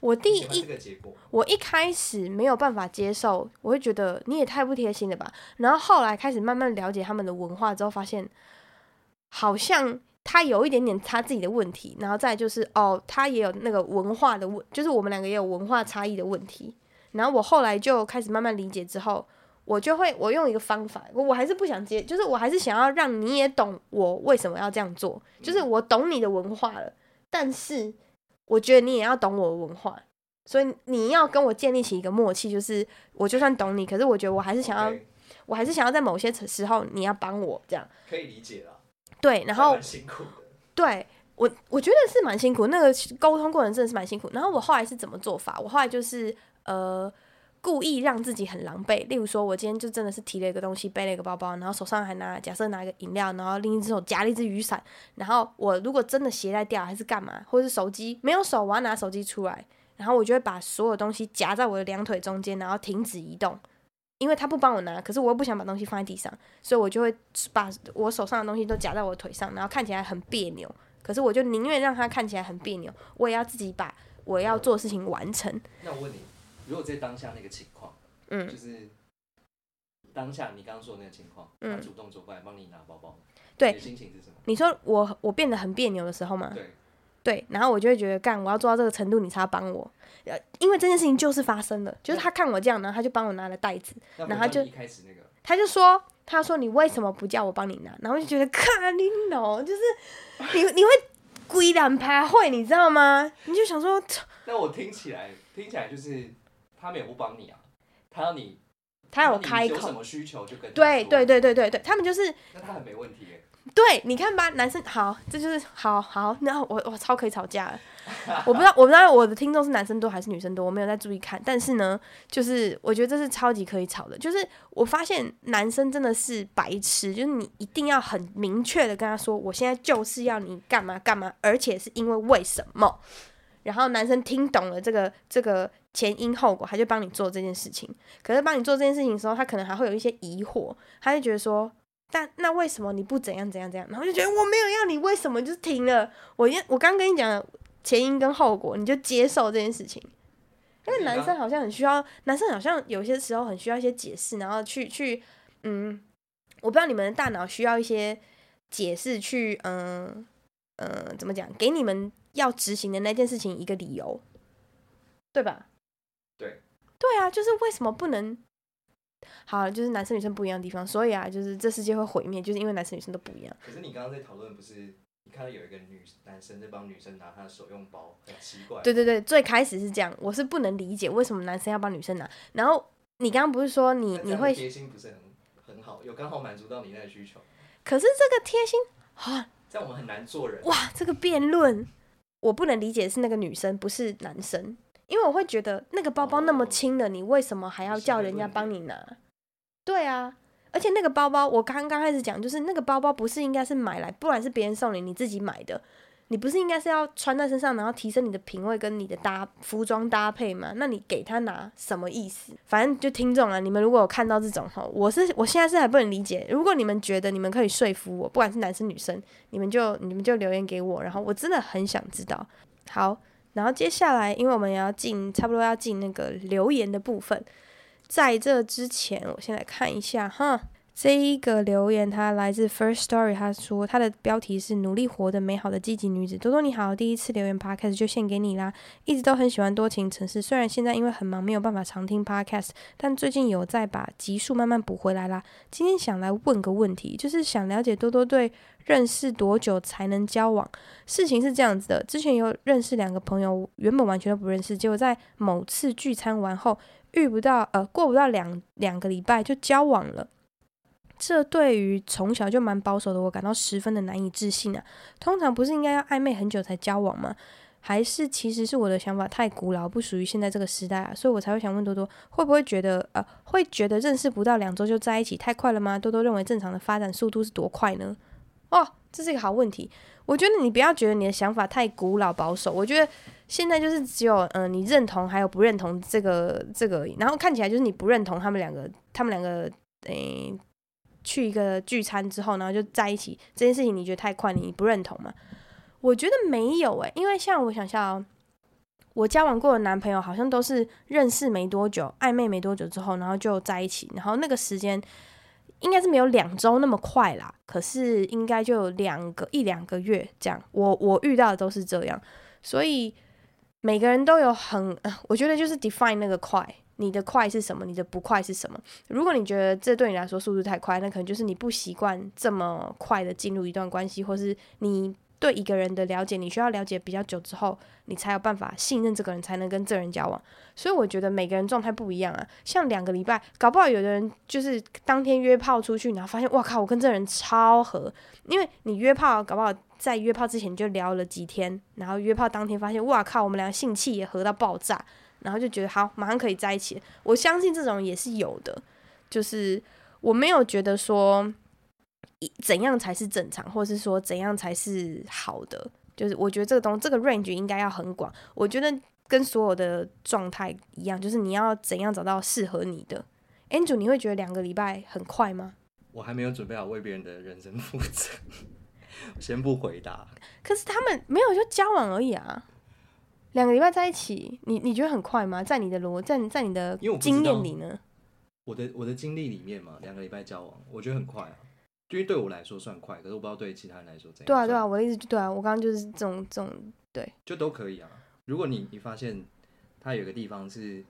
我第一，我一開始沒有辦法接受，我會覺得你也太不貼心了吧？然後後來開始慢慢了解他們的文化之後，發現好像他有一點點他自己的問題。然後再就是哦，他也有那個文化的問，就是我們兩個也有文化差異的問題。然後我後來就開始慢慢理解之後，我就會我用一個方法，我還是不想接，就是我還是想要讓你也懂我為什麼要這樣做，就是我懂你的文化了，但是。我覺得你也要懂我的文化，所以你要跟我建立起一個默契，就是我就算懂你，可是我覺得我還是想要，Okay. 我還是想要在某些時候你要幫我這樣，可以理解了？對，然後辛苦，對我我覺得是蠻辛苦，那個溝通過程真的是蠻辛苦。然後我後來是怎麼做法？我後來就是呃。故意讓自己很狼狽，例如說，我今天就真的是提了一個東西，背了一個包包，然後手上還拿，假設拿一個飲料，然後另一隻手夾了一隻雨傘。然後我如果真的攜帶掉，還是幹嘛？或者是手機沒有手，我要拿手機出來，然後我就會把所有東西夾在我的兩腿中間，然後停止移動。因為他不幫我拿，可是我又不想把東西放在地上，所以我就會把我手上的東西都夾在我的腿上，然後看起來很彆扭。可是我就寧願讓他看起來很彆扭，我也要自己把我要做的事情完成。那我問你？如果在當下那個情況，嗯，就是當下你剛剛說的那個情況，嗯，他主動走過來幫你拿包包，對，那個心情是什麼？你說我我變得很彆扭的時候嗎？對，對，然後我就會覺得幹，我要做到這個程度你才要幫我，因為這件事情就是發生了，就是他看我這樣，然後他就幫我拿了袋子，嗯，然後他就一開始那個，他就說，他，就說他說你為什麼不叫我幫你拿？然後我就覺得卡 你諾，就是你你會跪兩排會，你知道嗎？ 你就想說，那我聽起來聽起來就是。他們也不幫你啊，他要你，他要我開口，什麼需求就跟對對對對對對，他們就是那他很沒問題、欸、對你看吧，男生好，這就是好好，那、no, 我我超可以吵架了， 我不知道我不知道我的聽眾是男生多還是女生多，我沒有在注意看，但是呢，就是我覺得這是超級可以吵的，就是我發現男生真的是白痴，就是你一定要很明確的跟他說，我現在就是要你幹嘛幹嘛，而且是因為為什麼。然後男生聽懂了這個這個前因後果，他就幫你做這件事情。可是幫你做這件事情的時候，他可能還會有一些疑惑，他就覺得說：但那為什麼你不怎樣怎樣怎樣？然後就覺得我沒有要你，為什麼就停了？我我剛跟你講前因跟後果，你就接受這件事情。因為男生好像很需要，男生好像有些時候很需要一些解釋，然後去去嗯，我不知道你們的大腦需要一些解釋去嗯。嗯、呃，怎麼講？給你們要執行的那件事情一個理由，對吧？對，對啊，就是為什麼不能？好，就是男生女生不一樣的地方，所以啊，就是這世界會毀滅，就是因為男生女生都不一樣。可是你剛剛在討論，不是你看到有一個女男生在幫女生拿他的手用包，很奇怪。對對對，最開始是這樣，我是不能理解為什麼男生要幫女生拿。然後你剛剛不是說你你會貼心不是很很好，有剛好滿足到你那個需求？可是這個貼心啊。這樣我們很難做人。哇，這個辯論我不能理解的是那個女生不是男生，因為我會覺得那個包包那麼輕的，哦，你為什麼還要叫人家幫你拿？對啊，而且那個包包我剛剛開始講，就是那個包包不是應該是買來，不然是別人送你、你自己買的。你不是應該是要穿在身上，然後提升你的品味跟你的搭服裝搭配嗎？那你給他拿什麼意思？反正就聽眾啊。了。你們如果有看到這種哈，我是我現在是還不能理解。如果你們覺得你們可以說服我，不管是男生女生，你們就你們就留言給我，然後我真的很想知道。好，然後接下來因為我們要進差不多要進那個留言的部分，在這之前我先來看一下哈。這一個留言，它來自 First Story，他說他的標題是“努力活得美好的積極女子”。多多你好，第一次留言 podcast 就獻給你啦。一直都很喜歡多情城市，雖然現在因為很忙沒有辦法常聽 podcast，但最近有在把集數慢慢補回來啦。今天想來問個問題，就是想了解多多對認識多久才能交往？事情是這樣子的，之前有認識兩個朋友，原本完全都不認識，結果在某次聚餐完後遇不到，呃，過不到兩兩個禮拜就交往了。這對於從小就蠻保守的我感到十分的難以置信啊！通常不是應該要曖昧很久才交往嗎？還是其實是我的想法太古老，不屬於現在這個時代啊？所以我才會想問多多，會不會覺得呃，會覺得認識不到兩週就在一起太快了嗎？多多認為正常的發展速度是多快呢？哦，這是一個好問題。我覺得你不要覺得你的想法太古老保守，我覺得現在就是只有嗯、呃，你認同還有不認同這個這個，然後看起來就是你不認同他們兩個，他們兩個誒。欸去一個聚餐之後，然後就在一起這件事情，你覺得太快了，你不認同嗎？我覺得沒有誒、欸，因為像我想象、喔，我交往過的男朋友好像都是認識沒多久，曖昧沒多久之後，然後就在一起，然後那個時間應該是沒有兩周那麼快啦，可是應該就有兩個一兩個月這樣。我我遇到的都是這樣，所以每個人都有很，呃、我覺得就是 define 那個快。你的快是什麼？你的不快是什麼？如果你覺得這對你來說速度太快，那可能就是你不習慣這麼快的進入一段關係，或是你對一個人的了解，你需要了解比較久之後，你才有辦法信任這個人，才能跟這個人交往。所以我覺得每個人狀態不一樣啊。像兩個禮拜，搞不好有的人就是當天約炮出去，然後發現哇靠，我跟這個人超合。因為你約炮，搞不好在約炮之前就聊了幾天，然後約炮當天發現哇靠，我們倆性器也合到爆炸。然後就覺得好，馬上可以在一起。我相信這種也是有的，就是我沒有覺得說，怎樣才是正常，或者是說怎樣才是好的。就是我覺得這個東西，這個 range 應該要很廣。我覺得跟所有的狀態一樣，就是你要怎樣找到適合你的。Andrew，你會覺得兩個禮拜很快嗎？我還沒有準備好為別人的人生負責， 我先不回答。可是他們沒有就交往而已啊。兩個禮拜在一起，你你覺得很快嗎？在你的邏，在在你的經驗裡呢，我，我的我的經歷裡面嘛，兩個禮拜交往，我覺得很快啊，因為對我來說算快，可是我不知道對其他人來說怎樣。對啊對啊，我的意思對啊，我剛剛就是這種這種對，就都可以啊。如果你你發現他有個地方是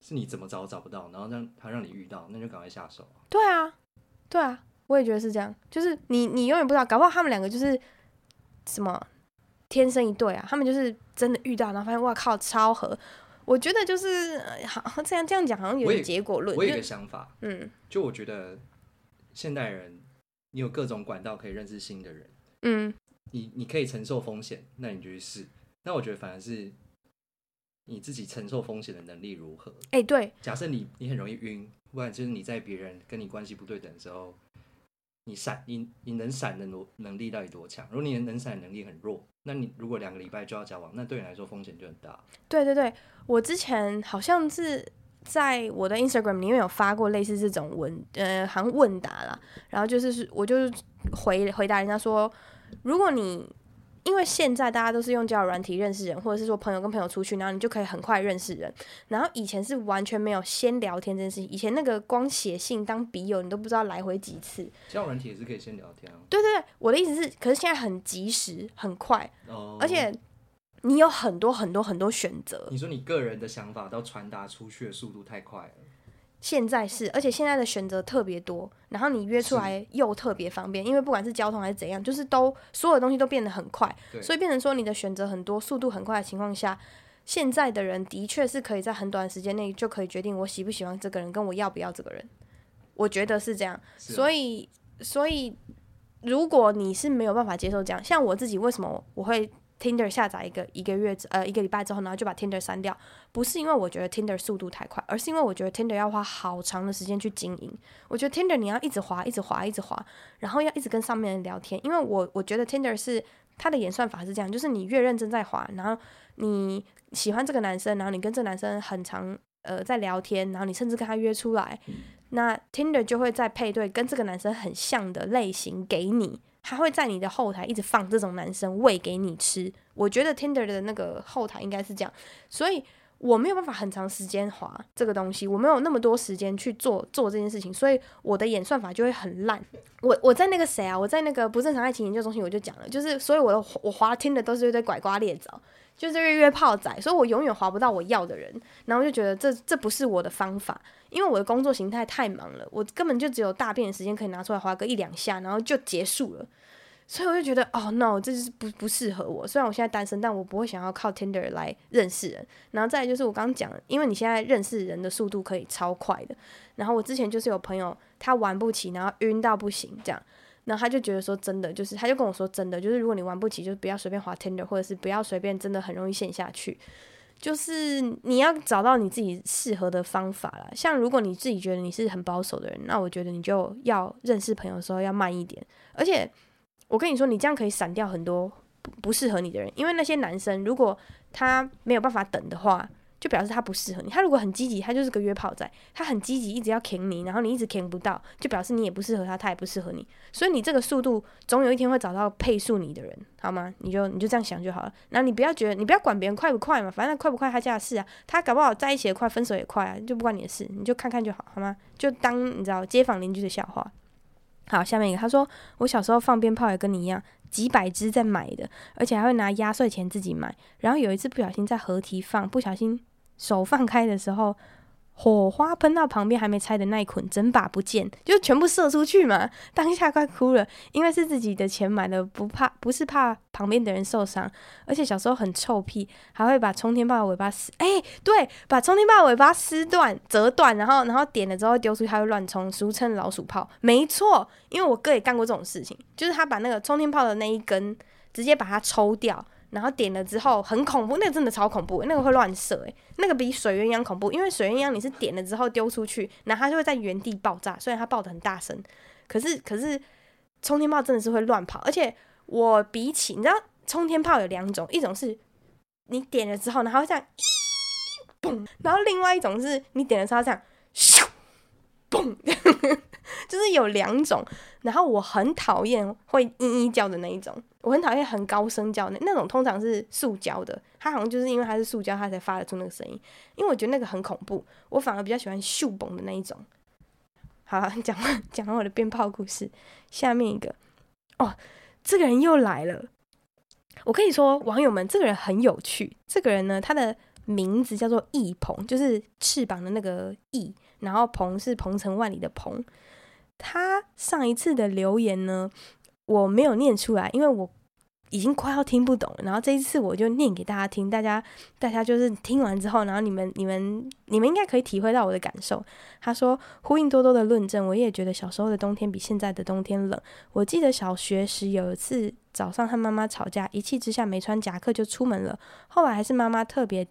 是你怎麼找都找不到，然後讓他讓你遇到，那就趕快下手啊。對啊對啊，我也覺得是這樣，就是你你永遠不知道，搞不好他們兩個就是什麼。天生一對啊，他們就是真的遇到，然後發現哇靠，超合。我覺得就是好好這樣這樣講，好像有個結果論。我，我有一個想法，嗯，就我覺得現代人，你有各種管道可以認識新的人，嗯，你你可以承受風險，那你就去試。那我覺得反而是你自己承受風險的能力如何？哎、欸，對，假設你你很容易暈，不然就是你在別人跟你關係不對等的時候，你閃，你你能閃的能能力到底多強？如果你能閃的能力很弱。那你如果兩個禮拜就要交往，那對你來說風險就很大。對對對，我之前好像是在我的 Instagram 裡面有發過類似這種問，呃，好像問答啦，然後就是我就是回回答人家說，如果你因為現在大家都是用交友軟體認識人，或者是說朋友跟朋友出去，然後你就可以很快認識人。然後以前是完全沒有先聊天這件事情，以前那個光寫信當筆友，你都不知道來回幾次。交友軟體也是可以先聊天啊。對對對，我的意思是，可是現在很及時、很快，哦。而且你有很多很多很多選擇。你說你個人的想法都傳達出去的速度太快了。現在是，而且現在的選擇特別多，然後你約出來又特別方便，因為不管是交通還是怎樣，就是都所有東西都變得很快，所以變成說你的選擇很多，速度很快的情況下，現在的人的確是可以在很短的時間內就可以決定我喜不喜歡這個人，跟我要不要這個人，我覺得是這樣，所以所以如果你是沒有辦法接受這樣，像我自己為什麼我會？Tinder 下載一個一個月呃一個禮拜之後，然後就把 Tinder 刪掉，不是因為我覺得 Tinder 速度太快，而是因為我覺得 Tinder 要花好長的時間去經營。我覺得 Tinder 你要一直滑，一直滑，一直滑，然後要一直跟上面人聊天，因為我我覺得 Tinder 是他的演算法是這樣，就是你越認真在滑，然後你喜歡這個男生，然後你跟這個男生很常呃在聊天，然後你甚至跟他約出來，嗯、那 Tinder 就會再配對跟這個男生很像的類型給你。他會在你的後台一直放這種男生餵給你吃，我覺得 Tinder 的那個後台應該是這樣，所以我沒有辦法很長時間滑這個東西，我沒有那麼多時間去做做這件事情，所以我的演算法就會很爛。我我在那個誰啊，我在那個不正常愛情研究中心，我就講了，就是所以我的我滑 Tinder 都是一堆拐瓜裂棗，就是約約炮仔，所以我永遠滑不到我要的人，然後就覺得這這不是我的方法。因為我的工作形態太忙了，我根本就只有大便的時間可以拿出來滑個一兩下，然後就結束了。所以我就覺得，哦，no，這就是不不適合我。雖然我現在單身，但我不會想要靠 Tinder 來認識人。然後再來就是我剛剛講，因為你現在認識人的速度可以超快的。然後我之前就是有朋友他玩不起，然後暈到不行這樣，然後他就覺得說真的，就是他就跟我說真的，就是如果你玩不起，就不要隨便滑 Tinder，或者是不要隨便，真的很容易陷下去。就是你要找到你自己適合的方法啦。像如果你自己覺得你是很保守的人，那我覺得你就要認識朋友的時候要慢一點。而且我跟你說，你這樣可以閃掉很多不，不適合你的人，因為那些男生如果他沒有辦法等的話。就表示他不適合你。他如果很積極，他就是個約炮仔。他很積極，一直要舔你，然後你一直舔不到，就表示你也不適合他，他也不適合你。所以你這個速度，總有一天會找到配速你的人，好嗎？你就你就這樣想就好了。那你不要覺得，你不要管別人快不快嘛，反正快不快他家的事啊，他搞不好在一起也快，分手也快啊，就不關你的事，你就看看就好，好嗎？就當你知道街坊鄰居的笑話。好，下面一個他說，我小時候放鞭炮也跟你一樣，幾百只在買的，而且還會拿壓歲錢自己買。然後有一次不小心在河堤放，不小心。手放開的時候，火花噴到旁邊還沒拆的那一捆整把不見，就全部射出去嘛。當下快哭了，因為是自己的錢買的，不怕，不是怕旁邊的人受傷。而且小時候很臭屁，還會把衝天炮的尾巴撕，誒、欸，對，把衝天炮的尾巴撕斷、折斷，然後，然後點了之後丟出去，它會亂衝，俗稱老鼠炮。沒錯，因為我哥也幹過這種事情，就是他把那個衝天炮的那一根直接把它抽掉。然後點了之後很恐怖，那個真的超恐怖，那個會亂射哎，那個比水鴛鴦恐怖，因為水鴛鴦你是點了之後丟出去，然後它就會在原地爆炸，雖然它爆得很大聲，可是可是衝天炮真的是會亂跑，而且我比起你知道，衝天炮有兩種，一種是你點了之後，然後會像一嘣，然後另外一種是你點了之後像咻嘣，就是有兩種。然後我很討厭會咿咿叫的那一種，我很討厭很高聲叫那那種，那種通常是塑膠的，它好像就是因為它是塑膠，它才發得出那個聲音，因為我覺得那個很恐怖。我反而比較喜歡秀嘣的那一種。好，講完講完我的鞭炮故事，下面一個哦，這個人又來了。我跟你說，網友們，這個人很有趣。這個人呢，他的名字叫做翼鵬，就是翅膀的那個翼，然後鵬是鵬程萬里的鵬。他上一次的留言呢，我沒有念出來，因為我已經快要聽不懂了。然後這一次我就念給大家聽，大家大家就是聽完之後，然後你們你們你們應該可以體會到我的感受。他說，呼應多多的論證，我也覺得小時候的冬天比現在的冬天冷。我記得小學時有一次早上和媽媽吵架，一氣之下沒穿夾克就出門了，後來還是媽媽特別。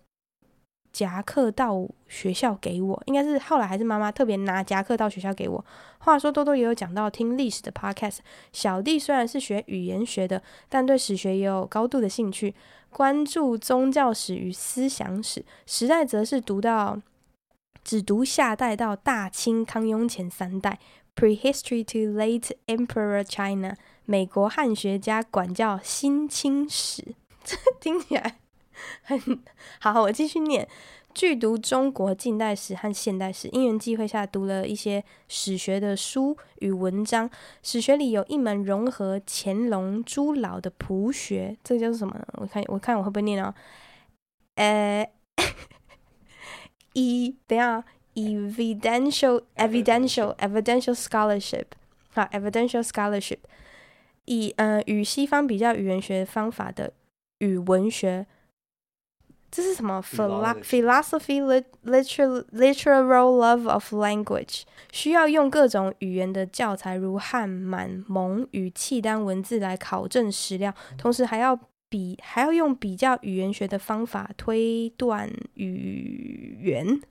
夾克到學校給我，應該是後來還是媽媽特別拿夾克到學校給我。話說多多也有講到聽歷史的 podcast，小弟雖然是學語言學的，但對史學也有高度的興趣，關注宗教史與思想史。時代則是讀到只讀夏代到大清康雍乾三代 （prehistory to late emperor China）。美國漢學家管叫新清史，這 聽起來。哼哼，好，我繼續念。劇讀中國近代史、和現代史，因緣際會下讀了一些史學的書與文章。史學裡有一門融合乾隆朱老的樸學，這個叫做什麼？我看，我看我會不會念哦、啊欸 欸欸欸？呃，以等下，evidential，evidential，evidential scholarship，好 evidential scholarship，以呃與西方比較語言學方法的語文學。這是什麼 philosophy, philosophy literal literal love of language？需要用各種語言的教材，如漢、滿、蒙與契丹文字來考證史料，同時還要比，還要用比較語言學的方法推斷語言。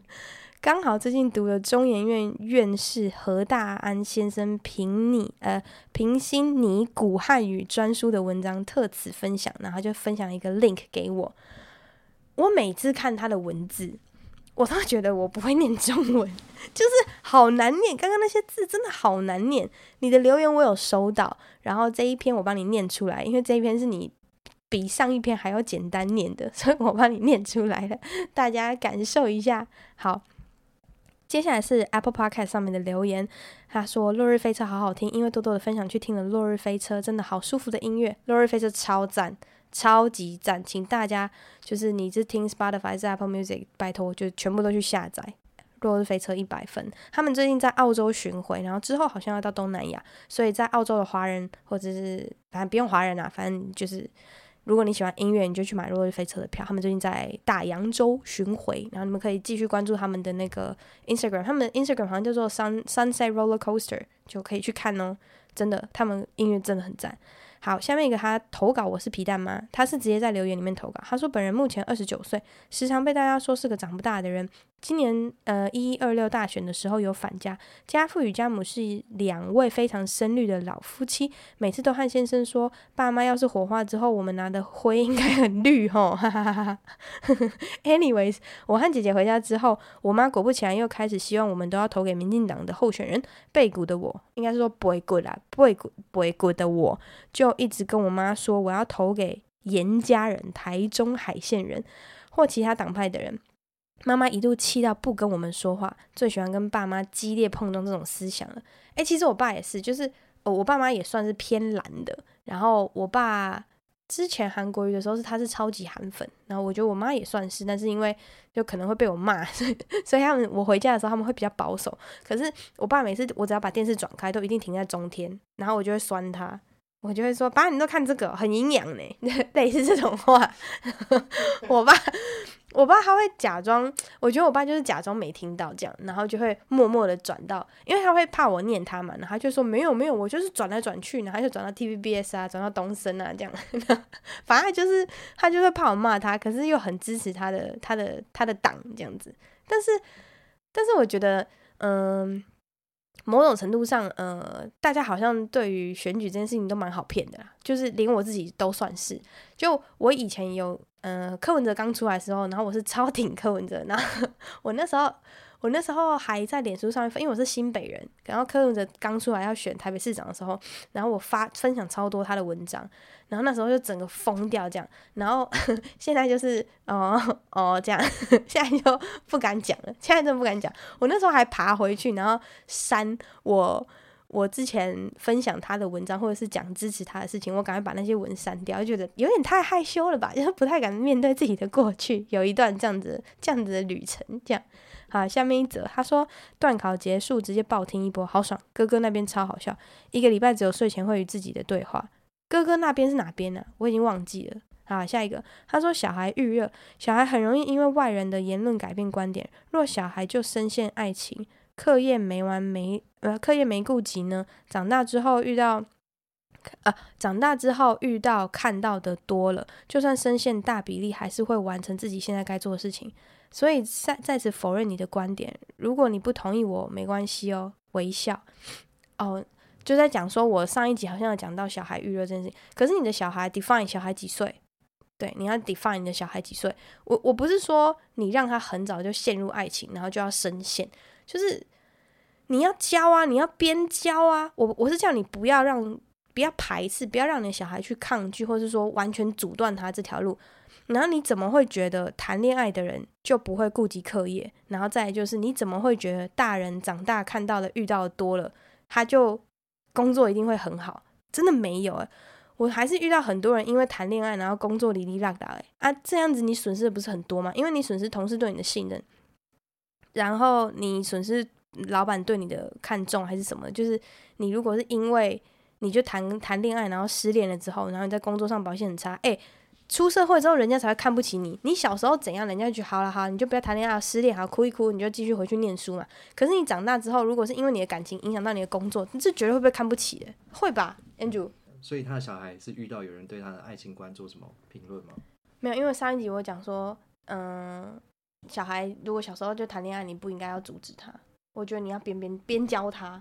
剛好最近讀了中研院院士何大安先生評你呃評新擬古漢語專書的文章，特此分享，然後就分享一個 link 給我。我每次看他的文字，我都覺得我不會念中文，就是好難念。剛剛那些字真的好難念。你的留言我有收到，然後這一篇我幫你念出來，因為這一篇是你比上一篇還要簡單念的，所以我幫你念出來了，大家感受一下。好，接下來是 Apple Podcast 上面的留言，他說《落日飛車》好好聽，因為多多的分享去聽了《落日飛車》，真的好舒服的音樂，《落日飛車》超讚。超級讚，請大家就是你是聽 Spotify 還是 Apple Music？拜託，就全部都去下載《落日飛車》一百分。他們最近在澳洲巡迴，然後之後好像要到東南亞，所以在澳洲的華人或者是反正不用華人啊，反正就是如果你喜歡音樂，你就去買《落日飛車》的票。他們最近在大洋洲巡迴，然後你們可以繼續關注他們的那個 Instagram，他們的 Instagram 好像叫做 Sun Sunset Roller Coaster，就可以去看哦。真的，他們音樂真的很讚。好，下面一個他投稿，我是皮蛋嗎？他是直接在留言裡面投稿。他說，本人目前二十九歲，時常被大家說是個長不大的人。今年呃，一一二六大選的時候有返家，家父與家母是兩位非常深綠的老夫妻，每次都和先生說，爸媽要是火化之後，我們拿的灰應該很綠吼。哈哈哈哈哈 Anyways，我和姐姐回家之後，我媽果不其然又開始希望我們都要投給民進黨的候選人。背骨的我，應該是說背骨啦，背骨背骨的我就一直跟我媽說，我要投給嚴家人、台中海線人或其他黨派的人。媽媽一度氣到不跟我們說話，最喜歡跟爸媽激烈碰撞這種思想了。誒，其實我爸也是，就是、哦、我爸媽也算是偏藍的。然後我爸之前韓國瑜的時候，是他是超級韓粉。然後我覺得我媽也算是，但是因為就可能會被我罵，所以所以他們，我回家的時候他們會比較保守。可是我爸每次我只要把電視轉開，都一定停在中天，然後我就會酸他。我就會說，爸，你都看這個，很營養呢，類似這種話。 我爸，我爸他會假裝，我覺得我爸就是假裝沒聽到這樣，然後就會默默的轉到，因為他會怕我念他嘛，然後他就說沒有沒有，我就是轉來轉去，然後就轉到 TVBS 啊，轉到東森啊這樣。反正就是他就會怕我罵他，可是又很支持他的他的他的黨這樣子。但是，但是我覺得，嗯、呃。某種程度上，呃，大家好像對於選舉這件事情都蠻好騙的啦，就是連我自己都算是。就我以前有，嗯、呃，柯文哲剛出來的時候，然後我是超挺柯文哲，然後 我那時候。我那時候還在臉書上面，因為我是新北人，然後柯文哲剛出來要選台北市長的時候，然後我發分享超多他的文章，然後那時候就整個瘋掉這樣，然後現在就是哦哦這樣，現在就不敢講了，現在就不敢講。我那時候還爬回去，然後刪我我之前分享他的文章或者是講支持他的事情，我趕快把那些文刪掉，我覺得有點太害羞了吧，因為不太敢面對自己的過去，有一段這樣子這樣子的旅程，這樣。好，下面一則，他說段考結束直接暴聽一波，好爽。哥哥那邊超好笑，一個禮拜只有睡前會與自己的對話。哥哥那邊是哪邊呢、啊？我已經忘記了。好，下一個，他說小孩預熱，小孩很容易因為外人的言論改變觀點。若小孩就深陷愛情，課業沒完沒呃，課業沒顧及呢，長大之後遇到啊，長大之後遇到看到的多了，就算深陷大比例，還是會完成自己現在該做的事情。所以在，在在此否認你的觀點。如果你不同意我，我沒關係哦，微笑。哦，就在講說，我上一集好像有講到小孩預熱這件事情。可是你的小孩 define 小孩幾歲？對，你要 define 你的小孩幾歲。我我不是說你讓他很早就陷入愛情，然後就要深陷。就是你要教啊，你要邊教啊。我我是叫你不要讓，不要排斥，不要讓你的小孩去抗拒，或是說完全阻斷他這條路。然後你怎麼會覺得談戀愛的人就不會顧及課業、欸？然後再就是你怎麼會覺得大人長大看到的遇到的多了，他就工作一定會很好？真的沒有誒、欸，我還是遇到很多人因為談戀愛然後工作離離落落哎啊，這樣子你損失的不是很多嗎？因為你損失同事對你的信任，然後你損失老板對你的看重還是什麼？就是你如果是因為你就談談戀愛然後失戀了之後，然後你在工作上表現很差誒。欸出社會之後，人家才會看不起你。你小時候怎樣，人家就好了好，你就不要談戀愛，失戀好哭一哭，你就繼續回去念書嘛。可是你長大之後，如果是因為你的感情影響到你的工作，你這絕對會被看不起的，會吧，Andrew？所以他的小孩是遇到有人對他的愛情觀做什麼評論嗎？沒有，因為上一集我講說，嗯，小孩如果小時候就談戀愛，你不應該要阻止他，我覺得你要邊邊邊教他。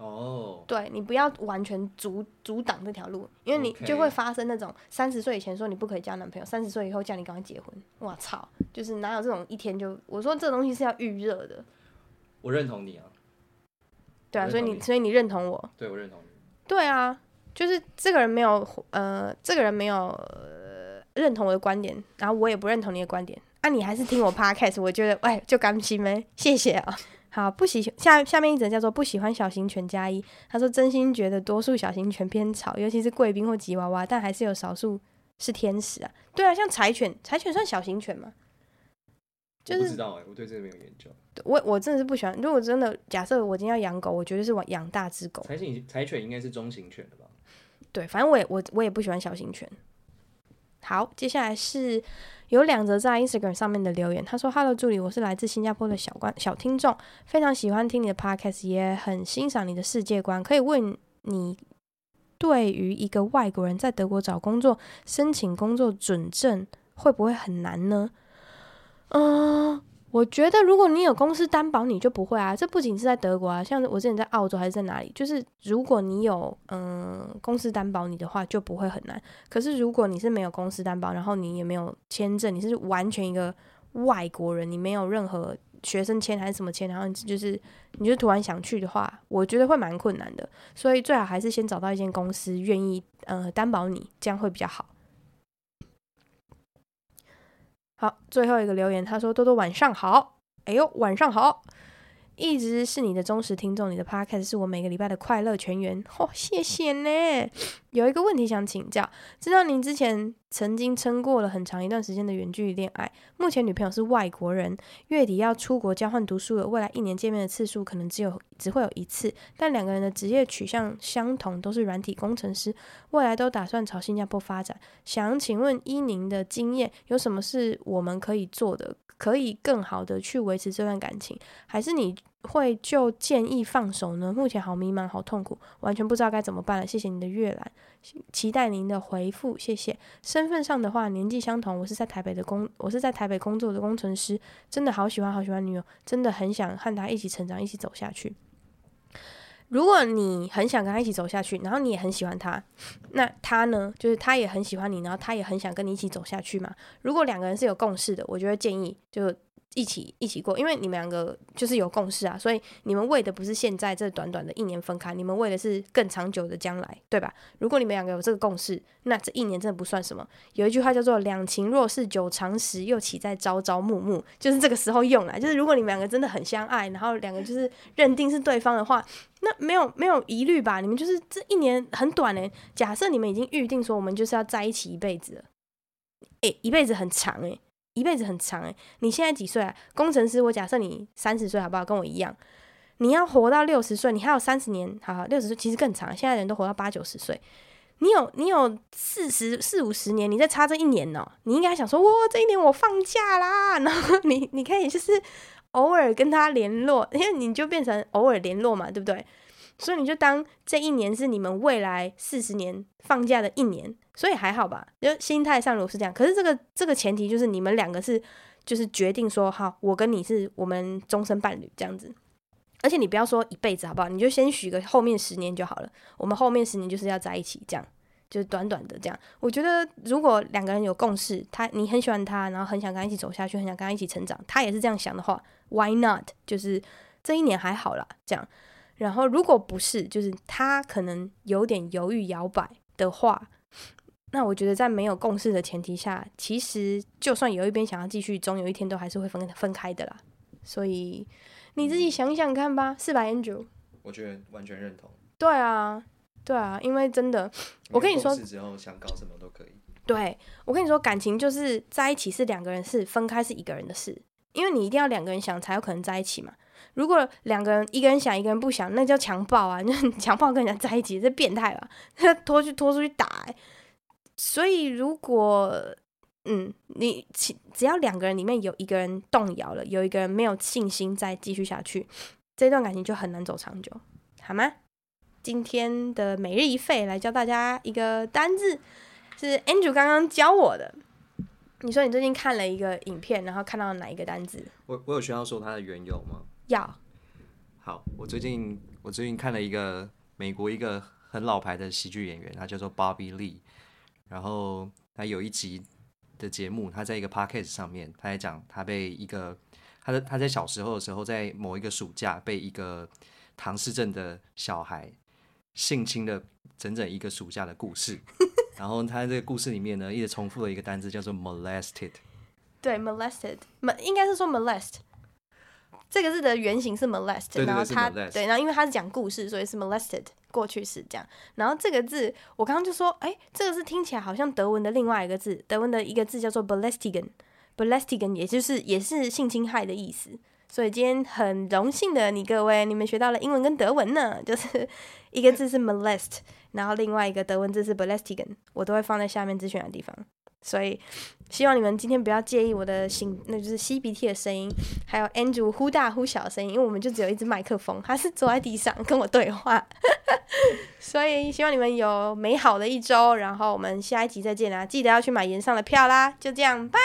哦、oh.，對你不要完全阻阻擋這條路，因為你就會發生那種三十歲以前說你不可以交男朋友，三十歲以後叫你趕快結婚。我操，就是哪有這種一天！就我說這東西是要預熱的，我認同你啊，對啊，所以你所以你認同我，對我認同你，對啊，就是這個人沒有呃，這個人沒有、呃、認同我的觀點，然後我也不認同你的觀點，啊，你還是聽我 podcast，我覺得哎、 欸、就感心唄，謝謝啊。好，不喜下下面一則叫做不喜歡小型犬加一。他說，真心覺得多數小型犬偏吵，尤其是貴賓或吉娃娃，但還是有少數是天使啊。對啊，像柴犬，柴犬算小型犬嗎？就是我不知道、欸、我對這個沒有研究。對我我真的是不喜歡。如果真的假設我今天要養狗，我絕對是養大隻狗。柴犬柴犬應該是中型犬的吧？對，反正我也我我也不喜歡小型犬。好，接下來是有兩則在 Instagram 上面的留言。他說：“Hello，助理，我是來自新加坡的小觀小聽眾，非常喜歡聽你的 podcast，也很欣賞你的世界觀。可以問你，對於一個外國人在德國找工作，申請工作准證會不會很難呢？”嗯、呃。我覺得，如果你有公司擔保，你就不會啊。這不僅是在德國啊，像我之前在澳洲還是在哪裡，就是如果你有嗯、呃、公司擔保你的話，就不會很難。可是如果你是沒有公司擔保，然後你也沒有簽證，你是完全一個外國人，你沒有任何學生簽還是什麼簽，然後你就是你就突然想去的話，我覺得會蠻困難的。所以最好還是先找到一間公司願意呃擔保你，這樣會比較好。好，最後一個留言，他說：“多多晚上好，哎呦晚上好，一直是你的忠實聽眾，你的 podcast 是我每個禮拜的快樂泉源。好、哦、謝謝呢。”有一個問題想請教，知道您之前曾經撐過了很長一段時間的遠距離戀愛，目前女朋友是外國人，月底要出國交換讀書了，未來一年見面的次數可能只有只會有一次，但兩個人的職業取向相同，都是軟體工程師，未來都打算朝新加坡發展，想請問依您的經驗，有什麼是我們可以做的，可以更好的去維持這段感情？還是你？會就建議放手呢？目前好迷茫，好痛苦，完全不知道該怎麼辦了。謝謝您的閱覽，期待您的回復，謝謝。身份上的話，年紀相同，我是在台北的工，我是在台北工作的工程師，真的好喜歡，好喜歡女友，真的很想和她一起成長，一起走下去。如果你很想跟他一起走下去，然後你也很喜歡他，那他呢，就是他也很喜歡你，然後他也很想跟你一起走下去嘛。如果兩個人是有共識的，我覺得建議就一起一起過，因為你們兩個就是有共識啊，所以你們為的不是現在這短短的一年分開，你們為的是更長久的將來，對吧？如果你們兩個有這個共識，那這一年真的不算什麼。有一句話叫做“兩情若是久長時，又豈在朝朝暮暮”，就是這個時候用來，就是如果你們兩個真的很相愛，然後兩個就是認定是對方的話，那。沒有沒有疑慮吧？你們就是這一年很短嘞。假設你們已經預定說我們就是要在一起一輩子了，誒，一輩子很長誒，一輩子很長誒。你現在幾歲啊？工程師，我假設你三十歲好不好？跟我一樣，你要活到六十歲，你還有三十年，好好，六十歲其實更長，現在人都活到八九十歲，你有你有四十四五十年，你再差這一年哦。你應該想說，哇、哦，這一年我放假啦，然後你你可以就是偶爾跟他聯絡，因為你就變成偶爾聯絡嘛，對不對？所以你就當這一年是你們未來四十年放假的一年，所以還好吧？就心態上如是這樣。可是這個這個前提就是你們兩個是就是決定說，好，我跟你是我們終身伴侶這樣子。而且你不要說一輩子好不好？你就先許個後面十年就好了。我們後面十年就是要在一起，這樣就是短短的這樣。我覺得如果兩個人有共識，他你很喜歡他，然後很想跟他一起走下去，很想跟他一起成長，他也是這樣想的話，Why not？就是這一年還好啦，這樣。然後，如果不是，就是他可能有點猶豫搖擺的話，那我覺得在沒有共識的前提下，其實就算有一邊想要繼續，總有一天都還是會分分開的啦。所以你自己想一想看吧，是吧，Andrew？我覺得完全認同。對啊，對啊，因為真的，我跟你說，之後想搞什麼都可以。對，我跟你說，感情就是在一起是兩個人事，分開是一個人的事，因為你一定要兩個人想才有可能在一起嘛。如果兩個人一個人想一個人不想，那叫強暴啊！你 強暴跟人家在一起，這變態吧？拖去拖出去打、欸。所以如果嗯，你只要兩個人裡面有一個人動搖了，有一個人沒有信心再繼續下去，這段感情就很難走長久，好嗎？今天的每日一廢來教大家一個單字，是 Andrew 剛剛教我的。你說你最近看了一個影片，然後看到了哪一個單字？我我有需要說它的緣由嗎？Yeah. 好，我最近我最近看了一個美國一個很老牌的喜劇演員，他叫做 Bobby Lee，然後他有一集的節目，他在一個 podcast 上面，他在講他被一個他的他在小時候的時候，在某一個暑假被一個唐氏症的小孩性侵了整整一個暑假的故事， 然後他在這個故事裡面呢，一直重複了一個單字叫做 molested，對 molested，應該是說 molest。這個字的原型是 molest，對對對，然後它對，然後因為它是講故事，所以是 molested 過去式這樣。然後這個字我剛剛就說，哎，這個字聽起來好像德文的另外一個字，德文的一個字叫做 belästigen belästigen 也就是也是性侵害的意思。所以今天很榮幸的你各位，你們學到了英文跟德文呢，就是一個字是 molest， 然後另外一個德文字是 belästigen，我都會放在下面自選的地方。所以，希望你們今天不要介意我的吸，那就是吸鼻涕的聲音，還有 Andrew 忽大忽小的聲音，因為我們就只有一支麥克風，他是坐在地上跟我對話。 所以，希望你們有美好的一周，然後我們下一集再見啦！記得要去買炎上的票啦！就這樣，拜。